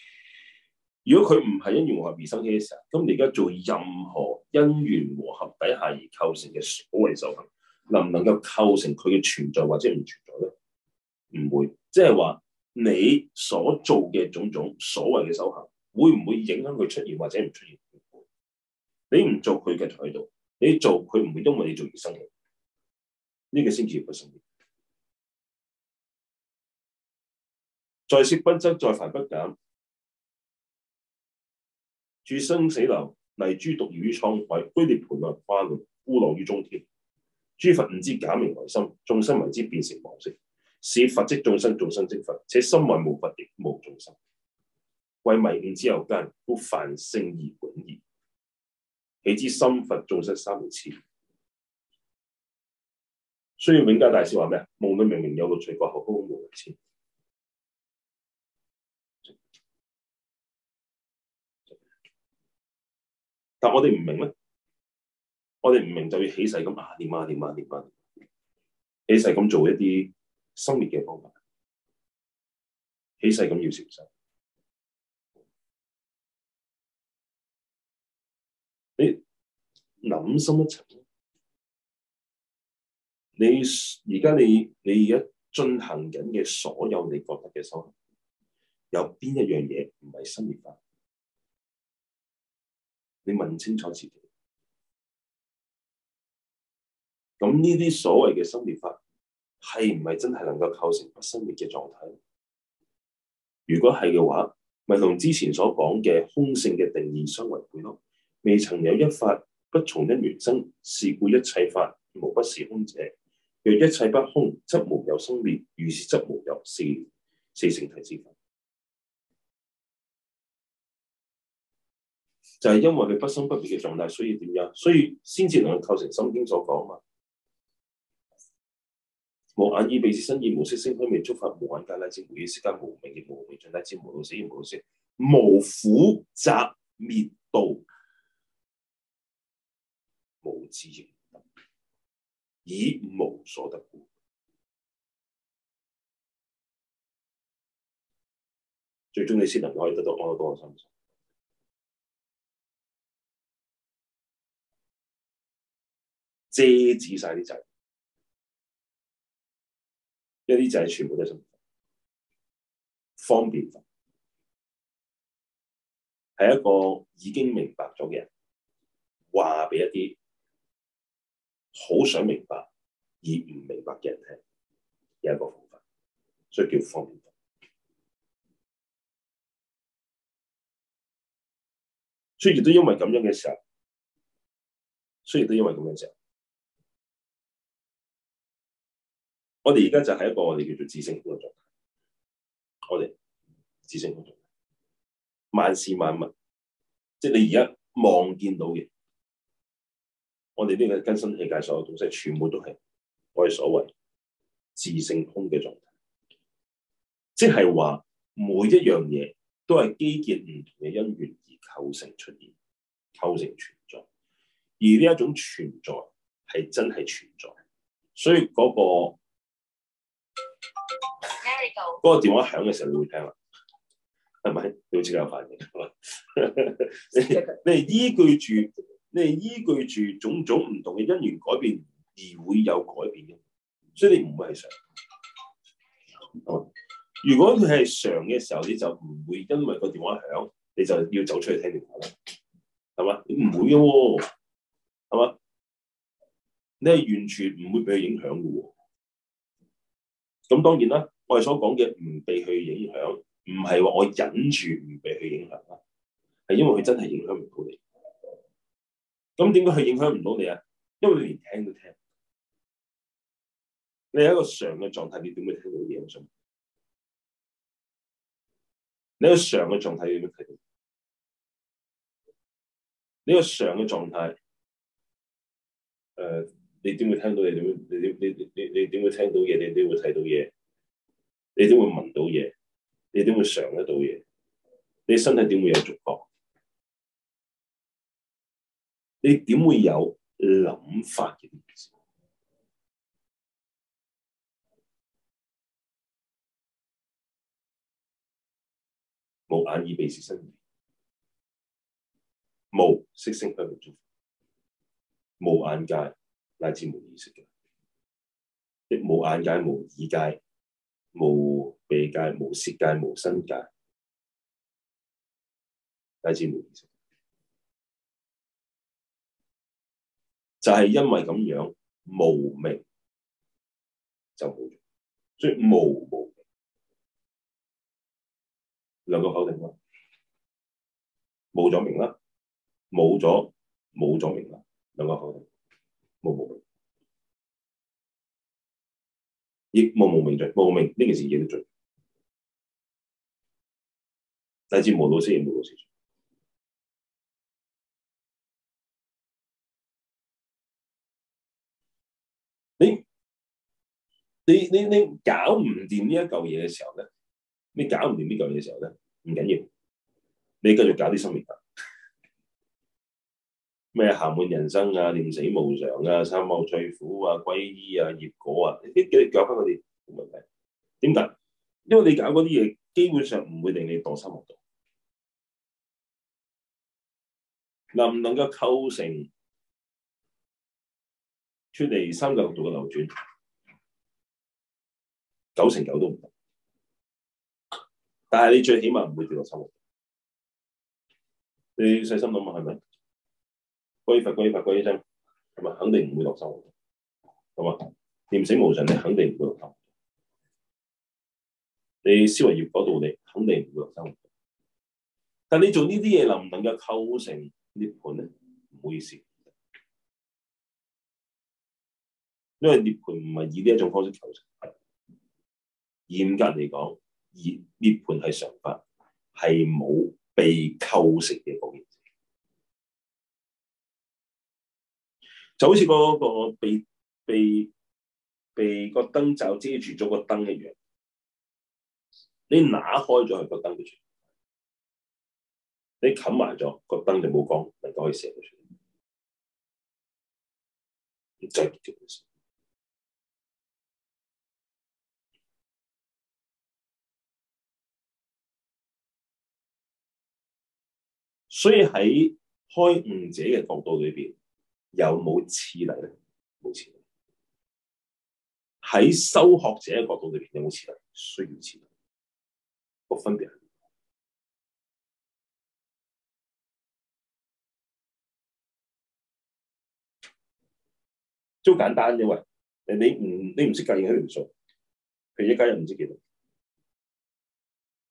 如果佢唔係因緣和合而生起嘅時候，咁你而家做任何因緣和合底下而構成嘅所謂修行，能唔能夠構成佢嘅存在或者唔存在咧？唔會。即係話你所做嘅種種所謂嘅修行，會唔會影響佢出現或者唔出現？你唔做佢嘅態度。你做佢唔會因為你做而生氣，呢、這個先叫不生意，在聖不增，在凡不減，住生死流，泥珠獨耀於滄海，處涅槃岸，花論孤朗於中天。諸佛唔知假名為心，眾生為之變成妄識。是佛即眾生，眾生即佛，且心外無佛，亦無眾生。為迷悟之有間，故凡聖而迥異。起之心佛眾生三昧痴？所以永嘉大師話咩啊？夢裏明明有個人，覺後空無一人。但我哋唔明咩？我哋唔明就要起勢咁啊！念啊念啊念啊,啊,啊,啊,啊！起勢咁做一啲消滅嘅方法，起勢咁要禪修。諗深一層，你而家你你而家進行緊嘅所有你覺得嘅收穫，有邊一樣嘢唔係生滅法？你問清楚自己。咁呢啲所謂嘅生滅法，係唔係真係能夠構成不生滅嘅狀態？如果係嘅話，咪同之前所講嘅空性嘅定義相違背咯。未曾有一法。不從因緣生，是故一切法無不是空者。若一切不空，則無有生滅；如是，則無有四、四聖諦之法。就係、是、因為佢不生不滅嘅狀態，所以點樣？所以先至能夠構成《心經》所講啊嘛。無眼耳鼻舌身意，無色聲香味觸法，無眼界，乃至無意識界，無明，亦無無明盡，乃至無老死亦無老死，無苦集滅道。無自性，以無所得故，最終你先能夠可以得到安樂多嘅心性，遮止晒啲仔，因為一啲仔全部都係什麼方便法，係一個已經明白咗嘅人話俾一啲。好想明白而唔明白嘅人聽，有一個方法，所以叫方便法。雖然都因為咁樣嘅時候，雖然都因為咁樣嘅時候，我哋而家就係一個我哋叫做自性嘅狀態。我哋自性嘅狀態，萬事萬物，即係你而家望見到嘅。我哋呢個更新世界所有東西，全部都係我哋所謂自性空嘅狀態，即係話每一樣嘢都係基結唔同嘅因緣而構成出現，構成存在，而呢一種存在係真係存在，所以嗰、嗰個嗰 you 個電話響嘅時候你會聽啦，係咪？你好似有反應，係嘛？你 你，你依據住。你係依據住種種唔同嘅因緣改變而會有改變嘅，所以你唔會係常。如果佢係常嘅時候，你就唔會因為個電話響，你就要走出去聽電話啦，係嘛？你唔會嘅喎、哦，係嘛？你係完全唔會被佢影響嘅喎、哦。咁當然啦，我哋所講嘅唔被佢影響，唔係話我忍住唔被佢影響啦，係因為佢真係影響唔到你。咁點解佢影響唔到你啊？因為你連聽都聽，你係一個常嘅狀態，你點會聽到嘢？你想，你個常嘅狀態點睇？你個常嘅狀態，誒，你點會聽到？你點會你你你你你點會聽到嘢？你點會睇到嘢？你點會聞到嘢？你點會嘗得到嘢？你身體點會有觸覺？你點會有諗法嘅？冇眼耳鼻舌身，冇色聲香味觸法，冇眼界，乃至無意識嘅，冇眼界、冇耳界、冇鼻界、冇舌界、冇身界，乃至無意識。就係因為咁樣無明就冇咗，所以無無明兩個否定啦，冇咗明啦，冇咗冇咗明啦，兩個否定冇無明，亦無無明盡，無，無明呢件事亦都盡，乃至無老死亦無老死盡。你你你搞唔掂呢一嚿嘢嘅時候咧，你搞唔掂呢嚿嘢嘅時候咧，唔緊要，你繼續搞啲心念法，咩暇滿人身啊、念死無常啊、三惡趣苦啊、皈依啊、業果啊，啲叫你搞翻佢哋，冇問題。點解？因為你搞嗰啲嘢，基本上唔會令你墮三惡道。能唔能夠構成出嚟三界六道嘅流轉？九成九都唔得，但係你最起碼唔會跌落生活。你細心諗下係咪？皈佛、皈佛、皈依僧，咁啊肯定唔會落生活。好嘛，念死無常，你肯定唔會落生活。你思維業嗰度，你肯定唔會落生活。但你做呢啲嘢能唔能夠構成涅槃咧？唔好意思，因為涅槃唔係以呢一種方式構成。嚴格嚟講，熱呢盤係常法，係冇被構成嘅保險，就好似嗰個被被被個燈罩遮住咗個燈一樣。你拿開咗佢個燈嘅處，你冚埋咗個燈就冇光，你都可以射到出嚟。你睇住佢先。所以喺開悟者嘅角度裏邊，有冇次第咧？冇次第。喺修學者嘅角度裏邊，有冇次第？需要次第。那個分別係點？都簡單因為！誒，你唔你唔識計幾多條數？譬如一加一唔知幾多？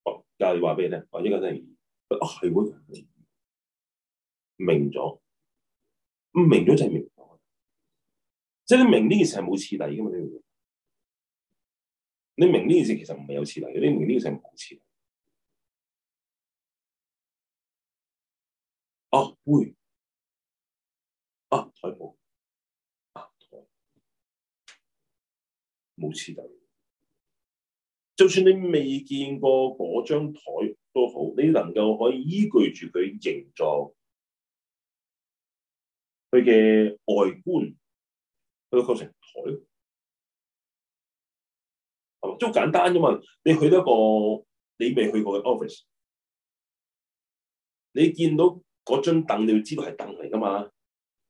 我，教你話俾你聽，一加一哦，係喎。明咗，明咗就係明咗，即係你明呢件事係冇次第噶嘛。呢樣你明呢件事其實唔係有次第，你明呢件事冇次第。哦，會，啊台布，啊台，冇次第。就算你未見過嗰張台都好，你能夠可以依據住佢形狀。佢嘅外觀，佢嘅構成台，係咪都簡單啫嘛。你去到一個你未去過嘅 office，你見到嗰張凳，你就知道係凳嚟噶嘛。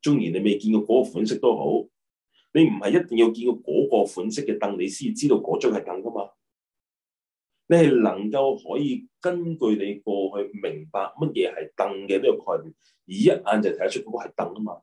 縱然你未見過嗰款式都好，你唔係一定要見過嗰個款式嘅凳，你先知道嗰張係凳噶嘛。你係能夠可以根據你過去明白乜嘢係凳嘅呢個概念，而一眼就睇得出嗰個係凳啊嘛。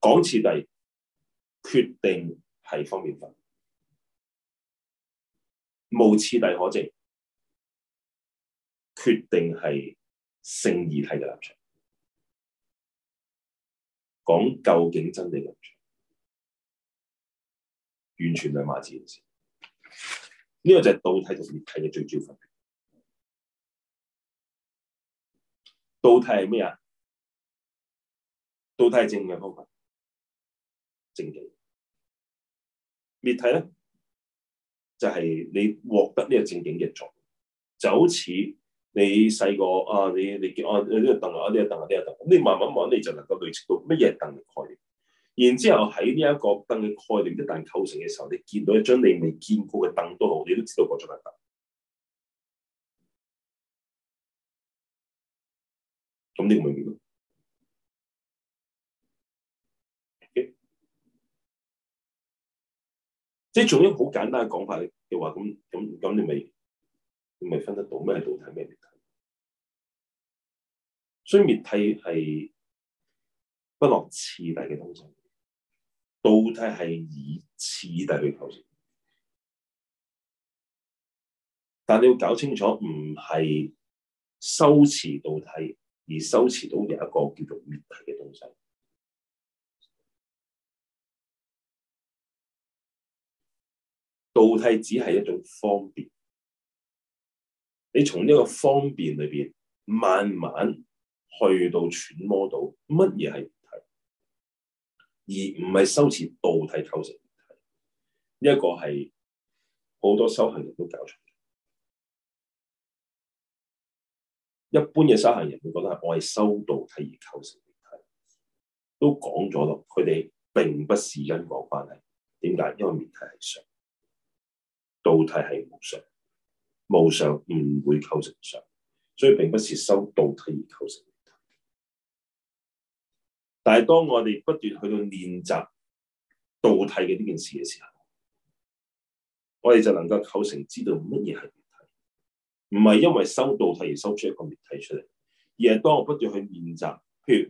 講次第，決定係方便法。無次第可證，決定係聖義體嘅立場。講究竟真理立場，完全兩碼事嘅事。呢、這個就係道體同義體嘅最主要分別。道體係咩啊？道體係正嘅方法。正經滅體咧，就係、是、你獲得呢個正經嘅作用，就好似你細個啊，你你見我呢個凳啊，呢、這個凳啊，呢、這個凳咁、啊這個啊這個啊，你慢慢慢你就能夠累積到乜嘢凳嘅概念，然之後喺呢一個凳嘅概念一旦構成嘅時候，你見到一張你未見過嘅凳都好，你都知道嗰張係凳，咁你明唔明？即仲用啲好簡單嘅講法的話你，你你話咁咁咁，你咪你咪分得到咩係道諦咩係滅諦？所以滅諦係不落次第嘅東西，道諦係以次第去構成。但你要搞清楚，唔係修持道諦，而修持到有一個叫做滅諦嘅東西。道諦只係一種方便，你從呢個方便裏面慢慢去到揣摩到乜嘢係滅諦，而唔係修持道諦構成滅諦，呢、這、一個係好多修行人都搞錯。一般嘅修行人會覺得係我係修道諦而構成滅諦，都講咗咯，佢哋並不是因果關係。點解？因為滅諦係常。道體係無常，無常唔會構成常，所以並不是修道體而構成。但係當我哋不斷去到練習道體嘅呢件事嘅時候，我哋就能夠構成知道乜嘢係道體，唔係因為修道體而修出一個道體出嚟，而係當我不斷去練習。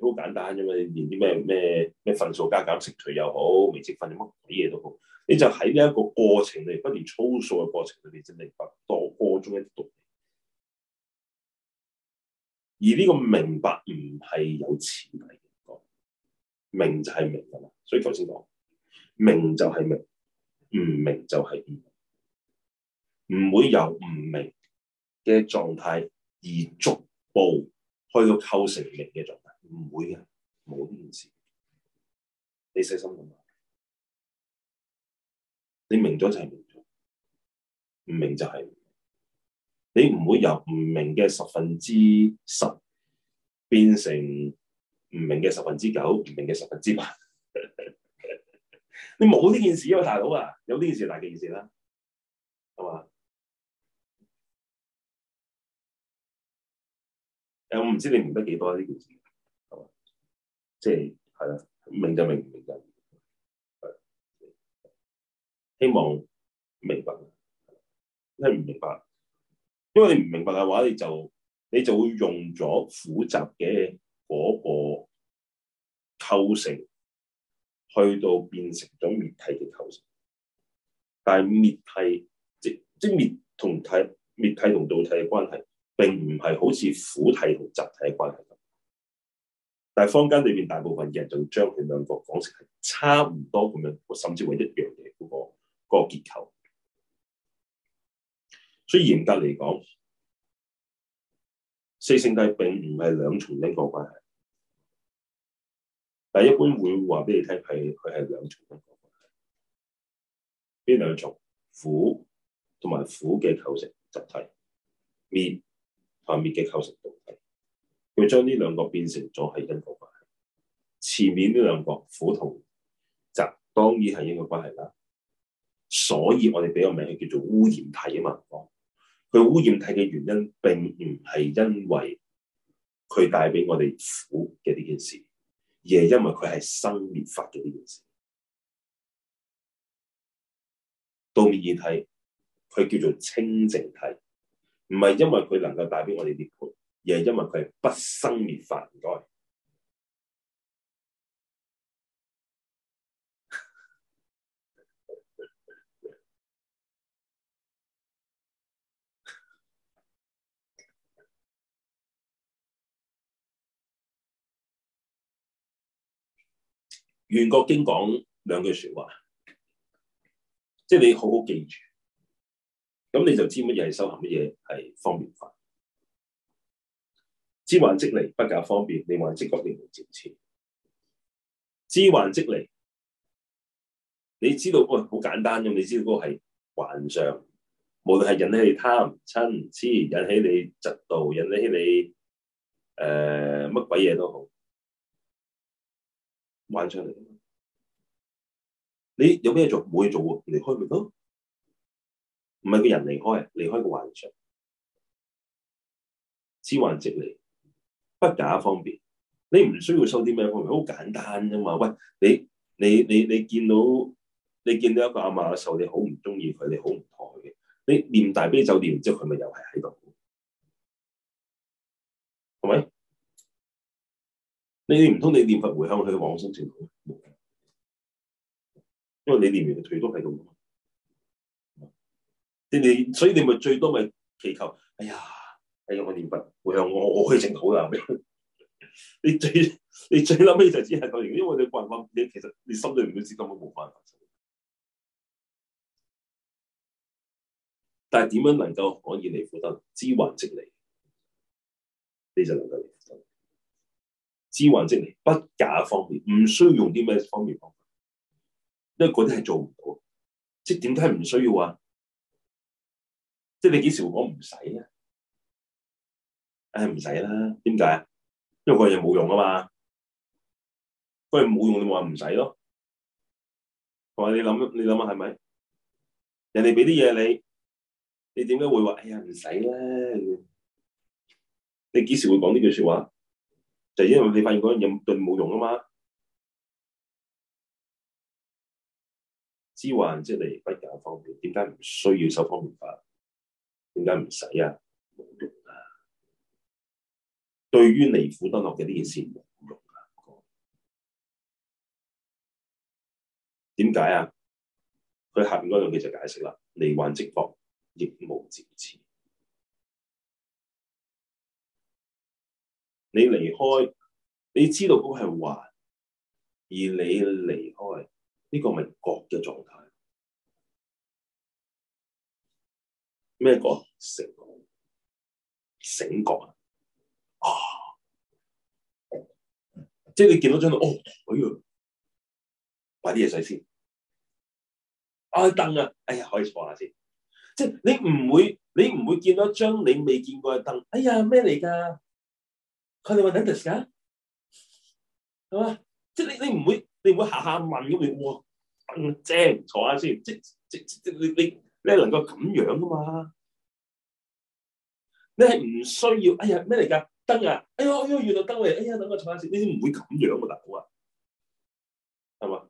好簡單啫嘛！練啲咩咩咩分數加減乘除又好，微積分乜鬼嘢都好，你就喺呢一個過程裏，不斷操數嘅過程裏面，真係明白，多過中一啲道理。而呢個明白唔係有錢嚟嘅，明就係明㗎喇！所以頭先講明就係明，唔明就係唔明，唔會有唔明嘅狀態，而逐步去到構成明嘅狀態。唔會嘅，冇呢件事。你細心點啊！你明咗就係明咗，唔明就係唔明。你唔會由唔明嘅十分之十變成唔明嘅十分之九，唔明嘅十分之八。 你冇呢件事啊，大佬啊，有呢件事係大件事啦，係嘛？誒，我唔知你明得幾多呢件事。即係，係啦、就是，明就明，唔明就唔明。希望明白，因為唔明白，因為你唔明白嘅話，你就你就會用咗苦集嘅嗰個構成，去到變成咗滅諦嘅構成。但係滅諦即即滅同諦滅諦同道諦嘅關係，並唔係好似苦諦同集諦嘅關係。但係坊間裏邊大部分嘅人就將佢兩個講成係差唔多咁樣，甚至乎一樣嘢嗰個嗰個結構。所以嚴格嚟講，四聖諦並唔係兩重因果關係，但係一般會話俾你聽係佢係兩重因果關係。邊兩重苦同埋苦嘅構成集諦，滅同埋滅嘅構成道諦。佢將呢兩個變成咗係因果關係，前面呢兩個苦同集當然係因果關係啦。所以我哋俾個名叫做污染體啊嘛。佢污染體嘅原因並唔係因為佢帶俾我哋苦嘅呢件事，而係因為佢係生滅法嘅呢件事。道滅二諦，佢叫做清淨體，唔係因為佢能夠帶俾我哋涅槃。而係因為佢係不生滅法的，唔該。圓 覺經講兩句說話，即係你好好記住，咁你就知乜嘢係修行，乜嘢係方便法。知幻即離，不夠方便。離幻即覺，定定接錢。知幻即離，你知道喎？好簡單啫！你知道嗰個係幻象，無論係引起你貪、嗔、痴，引起你嫉妒，引起你誒乜、呃、鬼嘢都好，幻象嚟。你有咩做？冇嘢做喎，離開咪得？唔係個人離開，離開個幻象。知幻即離。不假方便，你唔需要收啲咩方便，好簡單啫嘛。喂，你你你你見到，你見到一個阿媽嘅時候，你好唔中意佢，你好唔妥佢，你念大悲咒念完之後，佢咪又係喺度，係咪？你唔通你念佛回向佢往生前冇？因為你念完退都喺度，你你所以你咪最多咪祈求，哎呀～你我念、啊、有我我可以整好啦。你最你最諗起就只係個形，因為你冇辦法，你其實你心裏唔都知根本冇辦法。但係點樣能夠可以離苦得樂？知幻即離，你就能夠離。知幻即離，不假方便，唔需要用啲咩方便方法，因為嗰啲係做唔到，即係點解唔需要啊？即係你幾時會講唔使啊？唉，唔使啦！點解？因為佢樣嘢冇用啊嘛，佢樣冇用，你冇話唔使咯。同埋你諗，你諗下係咪？人哋俾啲嘢你，你點解會話？哎呀，唔使啦！你幾時會講呢句説話？就因為你發現嗰樣嘢對冇用啊嘛。知幻即離，不假方便。點解唔需要手方便法？點解唔使啊？冇用。對於離苦得樂嘅呢件事唔用噶，點解啊？佢下面嗰個就解釋啦，離幻即覺，亦無漸次。你離開，你知道嗰係幻，而你離開呢，這個咪覺嘅狀態？咩覺？醒覺，醒覺。即係你見到張凳，哦，哎呀，買啲嘢食先。啊，凳啊，哎呀，可以坐下先。即係你唔會，你唔會見到一張你未見過嘅凳。哎呀，咩嚟噶？佢哋話等陣，係嘛？即係你你唔會，你唔會下下問咁樣。哇、凳，正，坐下先。即即即你你你係能夠咁樣噶嘛？你係唔需要。哎呀，咩嚟噶？得噶，啊，哎呦哎呦，原來得嚟，哎呀，等我坐下先，呢啲唔會咁樣喎，大佬啊，係嘛，啊？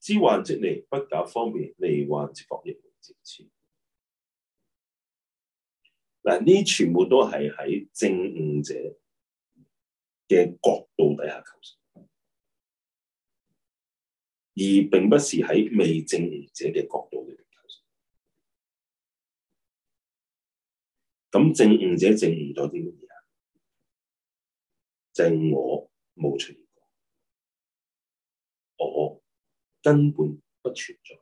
知患即利，不搞方便，利患即防疫。盈接錢。嗱，啊，呢全部都係喺正悟者嘅角度底下構成，而並不是喺未正悟者嘅角度咁證悟者證悟咗啲乜嘢啊？正我冇出現過，我根本不存在。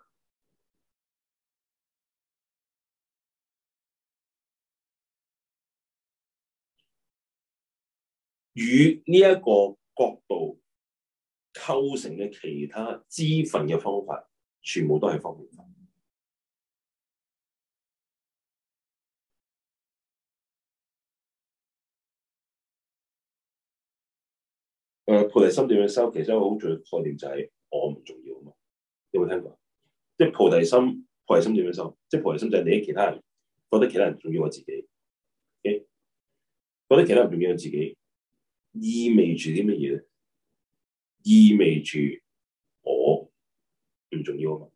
與呢一個角度構成嘅其他資分嘅方法，全部都係方便。誒、呃、菩提心點樣修？其實一個好重要概念就係我唔重要啊嘛。有冇聽過？即係菩提心，菩提心點樣修？即係菩提心就係你喺其他人覺得其他人重要，我自己。OK，覺得其他人重要我自己，意味住啲乜嘢咧？意味住我唔重要啊嘛。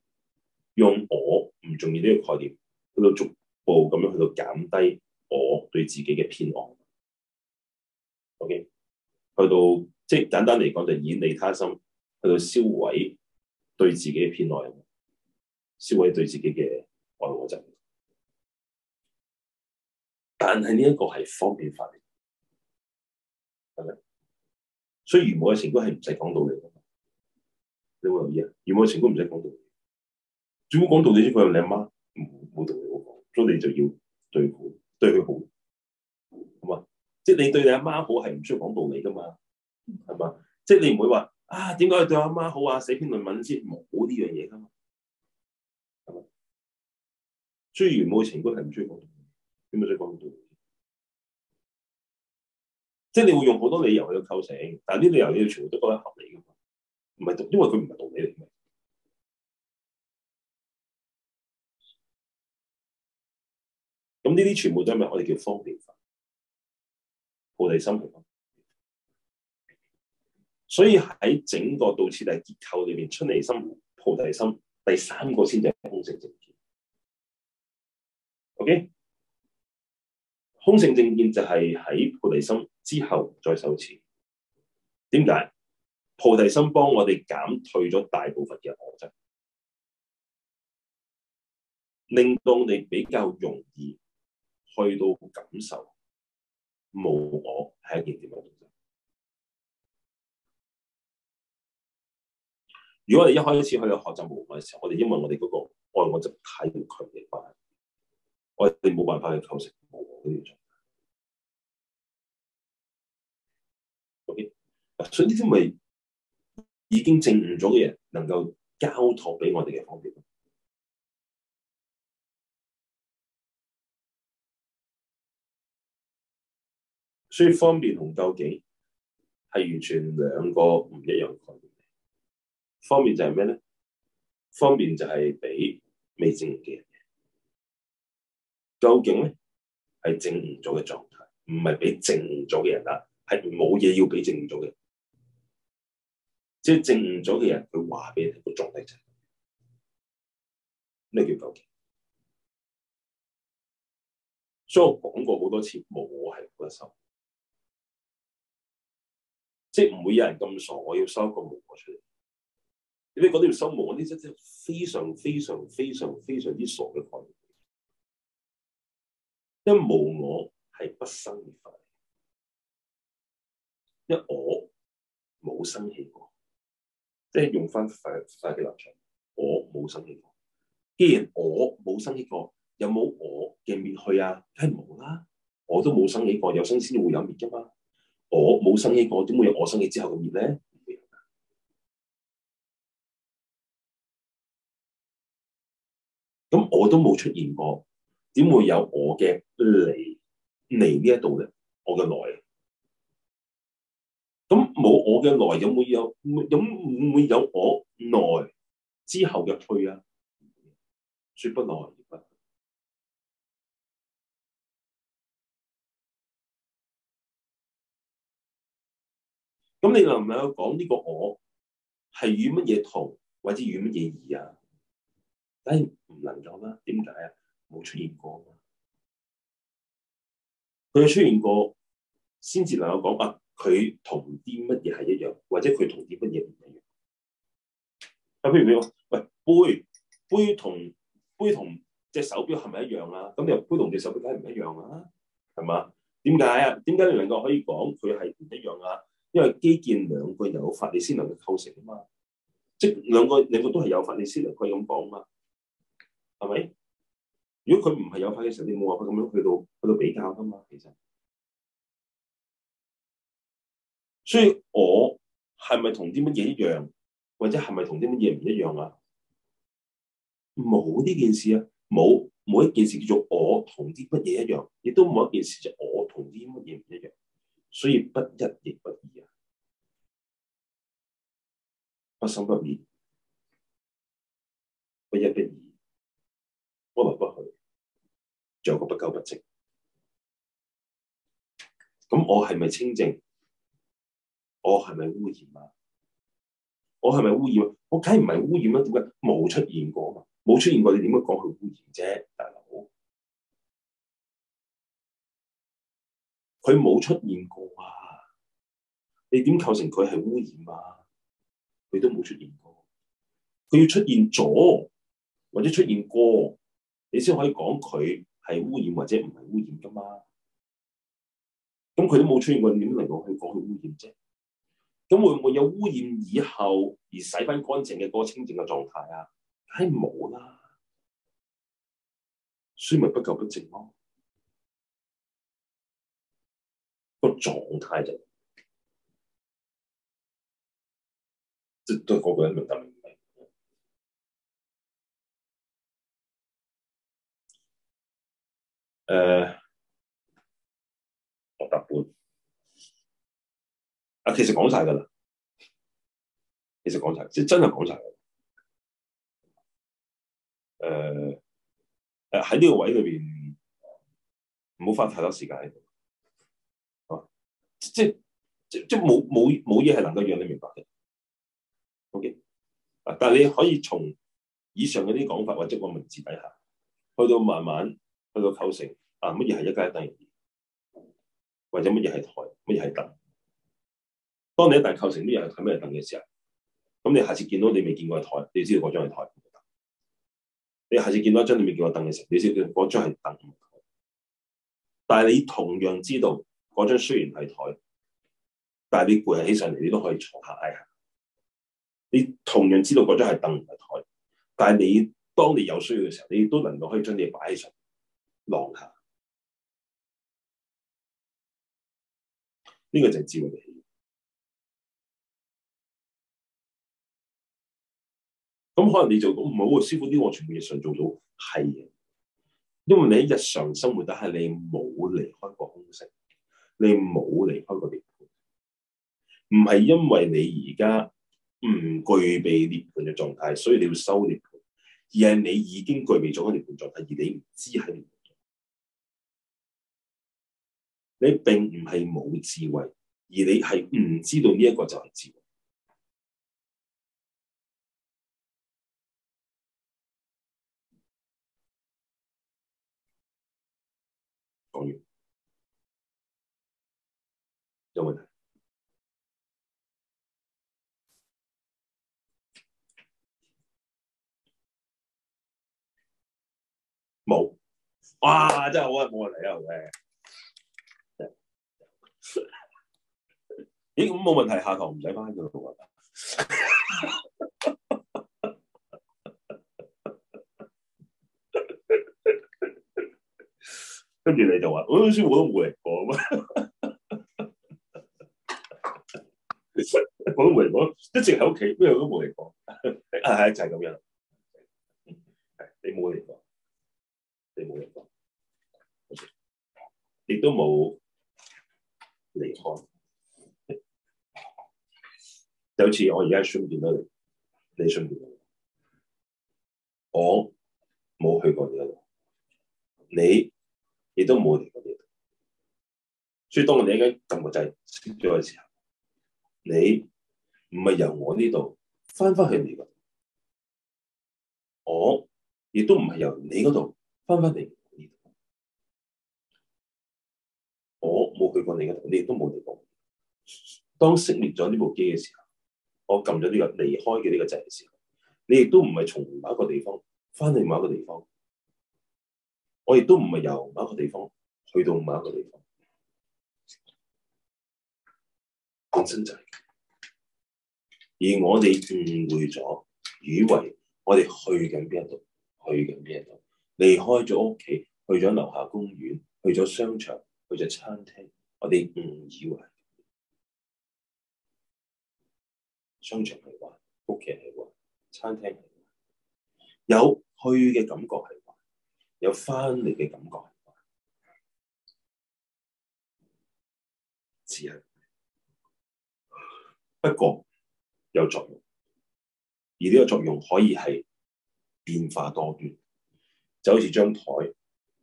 用我唔重要呢個概念去到逐步咁樣去到減低我對自己嘅偏愛。OK，去到。即係簡單嚟講，就以利他心去到消毀對自己嘅偏愛，消毀對自己嘅愛我執。但係呢一個係方便法嚟，係咪？所以父母嘅情關係唔使講道理，你冇留意啊？父母嘅情關唔使講道理，只會講道理先。佢話你阿媽冇冇道理，我講，所以你就要對佢對佢好，係嘛？即係你對你阿媽好係唔需要講道理㗎嘛？係嘛？即係你唔會話啊？點解要對我阿媽好啊？寫篇論文先冇呢樣嘢噶嘛？係嘛？雖然冇情感係唔需要講，點解需要講？即係你會用好多理由去構成，但係呢啲理由你要全，全部都都覺得合理噶嘛？唔係，因為佢唔係道理嚟嘅。咁呢啲全部都係我哋叫方便法、菩提心所以喺整個道次第結構裏邊，出離心、菩提心，第三個先至係空性證見。OK，空性證見就係喺菩提心之後再修持。點解？菩提心幫我哋減退咗大部分嘅我執，令到我哋比較容易去到感受無我係一件點樣如果我哋一開始去學習無我嘅時候，我哋因為我哋嗰、那個愛我就睇到佢嘅關係，我哋冇辦法去構成無我嘅元素。Okay? 所以呢啲咪已經證悟咗嘅人能夠交託俾我哋嘅方便。所以方便同究竟係完全兩個唔一樣概念。方便就係咩咧？方便就係俾未證嘅人。究竟咧，係證悟咗嘅狀態，唔係俾證悟咗嘅人啦，係冇嘢要俾證悟咗嘅人。即係證悟咗嘅人，佢話俾人聽個狀態先。咩叫究竟？所以我講過好多次，冇我係唔得收。即係唔會有人咁傻，我要收個無果出嚟。你哋講呢條心無，呢啲真係非常非常非常非常之傻嘅概念。因為無我係不生氣，因為我冇生氣過，即係用翻快快嘅立場，我冇生氣過。既然我冇生氣過，有冇我嘅滅去啊？梗係冇啦，我都冇生氣過。有生先會有滅噶嘛，我冇生氣過，點會有我生氣之後嘅滅咧？我都冇出現過，點會有我嘅嚟嚟呢一度咧？我嘅來，咁冇我嘅來，會有冇有有冇有我來之後嘅去啊？說不來的，能不。咁你又能唔能夠講呢個我係與乜嘢同，或者與乜嘢異啊？梗係唔能夠啦。點解啊？冇出現過，佢出現過先至能夠講啊，佢同啲乜嘢係一樣，或者佢同啲乜嘢唔一樣？啊，譬如你話，喂，杯杯同杯同隻手表係咪一樣啊？咁又杯同隻手表係唔一樣啦，係嘛？點解啊？點解你能夠可以講佢係唔一樣啊？因為基建兩個有法，就是個，你先能夠構成啊嘛。即兩個你個都係有法，你先能夠咁講啊嘛。係咪？如果佢唔係有法嘅時候，你冇話佢咁樣去到去到比較噶嘛？其實，所以我係咪同啲乜嘢一樣，或者係咪同啲乜嘢唔一樣啊？冇呢件事啊，冇每一件事叫做我同啲乜嘢一樣，亦都冇一件事就我同啲乜嘢唔一樣，所以不一亦不二啊！不生不滅，不一不二。不來不去，仲有個不垢不淨。咁我係咪清淨？我係咪污染啊？我係咪污染啊？我梗係唔係污染啦啊？點解冇出現過嘛？冇出現過，你點樣講佢污染啫啊，大佬？佢冇出現過啊！你點構成佢係污染啊？佢都冇出現過。佢要出現咗，或者出現過。你先可以講佢係污染或者唔係污染噶嘛？咁佢都冇出現過點嚟講去講佢污染啫？咁會唔會有污染以後而洗翻乾淨嘅嗰個清淨嘅狀態啊？唉，冇啦，所以咪不垢不淨咯。啊，嗰個狀態就絕對講唔到咁樣。誒，學得半啊，其實講晒㗎喇，其實講晒，即係真係講晒。誒、呃、誒，喺呢個位裏邊，唔好花太多時間喺度。即係即即冇冇冇嘢係能夠讓你明白嘅。Okay，啊，但係你可以從以上嗰啲講法或者個文字底下，去到慢慢。去到構成啊，乜嘢係一加一等二，或者乜嘢係台，乜嘢係凳？當你一旦構成啲嘢係咩係凳嘅時候，咁你下次見到你未見過嘅台，你知道嗰張係台；你下次見到一張你未見過凳嘅時候，你知道嗰張係凳。但係你同樣知道嗰張雖然係台，但係你攰起上嚟，你都可以坐下挨下。你同樣知道嗰張係凳唔係台，但係你當你有需要嘅時候，你都能夠可以將你擺起上。落下，呢個就係智慧嘅。咁可能你做到唔好，師傅啲我部嘢常做到係嘅，因為你喺日常生活底下，你冇離開過空性，你冇離開過涅盤，唔係因為你而家唔具備涅盤嘅狀態，所以你要收涅盤，而係你已經具備咗嗰涅盤狀態，而你唔知係。你並唔係冇智慧，而你係唔知道呢一個就係智慧。講完，有問題冇？冇。哇！真係好啊，冇問題啊，誒～咦，咁冇問題，下堂唔使翻噶咯。跟住你就話、哦，我啲書我都冇嚟過，哈哈哈，我都冇嚟過，一直喺屋企，邊度我都冇嚟過。啊，係就係、係、咁樣，你冇嚟過，你冇嚟過，亦都冇離開。有次我而家宣傳咗你，你宣傳我，我冇去過你嗰度，你亦都冇嚟過你。所以當我哋喺緊撳個掣熄咗嘅時候，你唔係由我呢度翻返去你度，我亦都唔係由你嗰度翻返嚟呢度。我冇去過你度，你亦都冇嚟過我。當熄滅咗呢部機嘅時候。我撳咗呢個離開嘅呢個掣嘅時候，你亦都唔係從某一個地方翻去某一個地方，我亦都唔係由某一個地方去到某一個地方，本身就係。而我哋誤會咗，以為我哋去緊邊一度，去緊邊一度，離開咗屋企，去咗樓下公園，去咗商場，去咗餐廳，我哋誤以為。商場係玩，屋企係玩，餐廳係玩，有去嘅感覺係玩，有翻嚟嘅感覺係玩，只係不過有作用，而呢個作用可以係變化多端，就好似張台，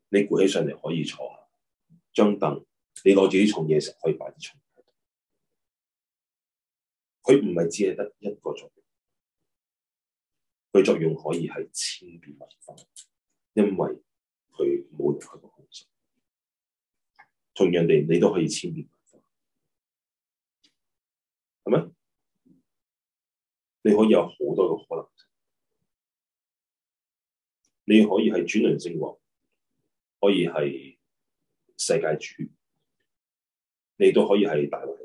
你攰起上嚟可以坐下。張凳，你攞住啲重嘢食可以擺啲重。佢唔係只係得一個作用，佢作用可以係千變萬化，因為佢冇一個核心。同樣地，你都可以千變萬化，係咪？你可以有好多個可能性，你可以係轉輪聖王，可以係世界主，你都可以係大王。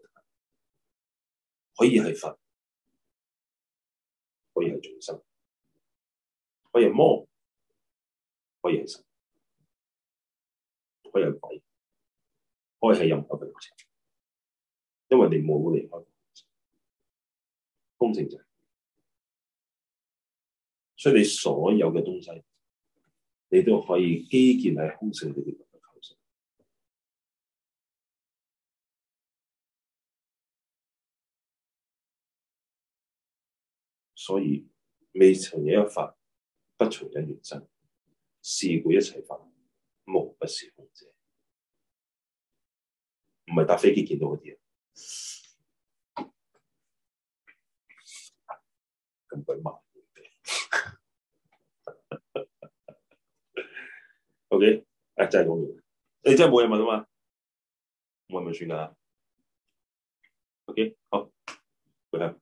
可以係佛，可以係眾生，可以係魔，可以係神，可以係鬼，可以係任何嘅事情。因為你冇離開空性，空性，所以你所有嘅東西，你都可以基建喺空性嘅地方。所以未曾有一法，不從因緣生，是故一切法，無不，不是空者，唔係搭飛機見到嗰啲人、 okay，啊，咁鬼慢。OK 誒真係咁完，你真係冇嘢問啊嘛？冇咩問咪算啊，OK，好，拜拜。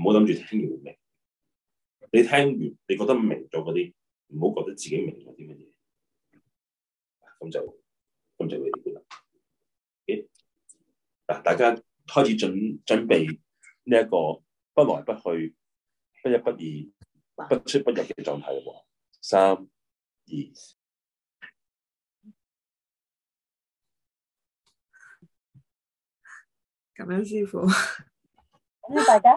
唔好諗住聽完明，你聽完你覺得明咗嗰啲，唔好覺得自己明咗啲乜嘢，咁就咁就會啦。咦？嗱，大家開始準準備呢一個不來不去、不一不二、不出不入嘅狀態咯。三二，咁樣師傅，咁大家。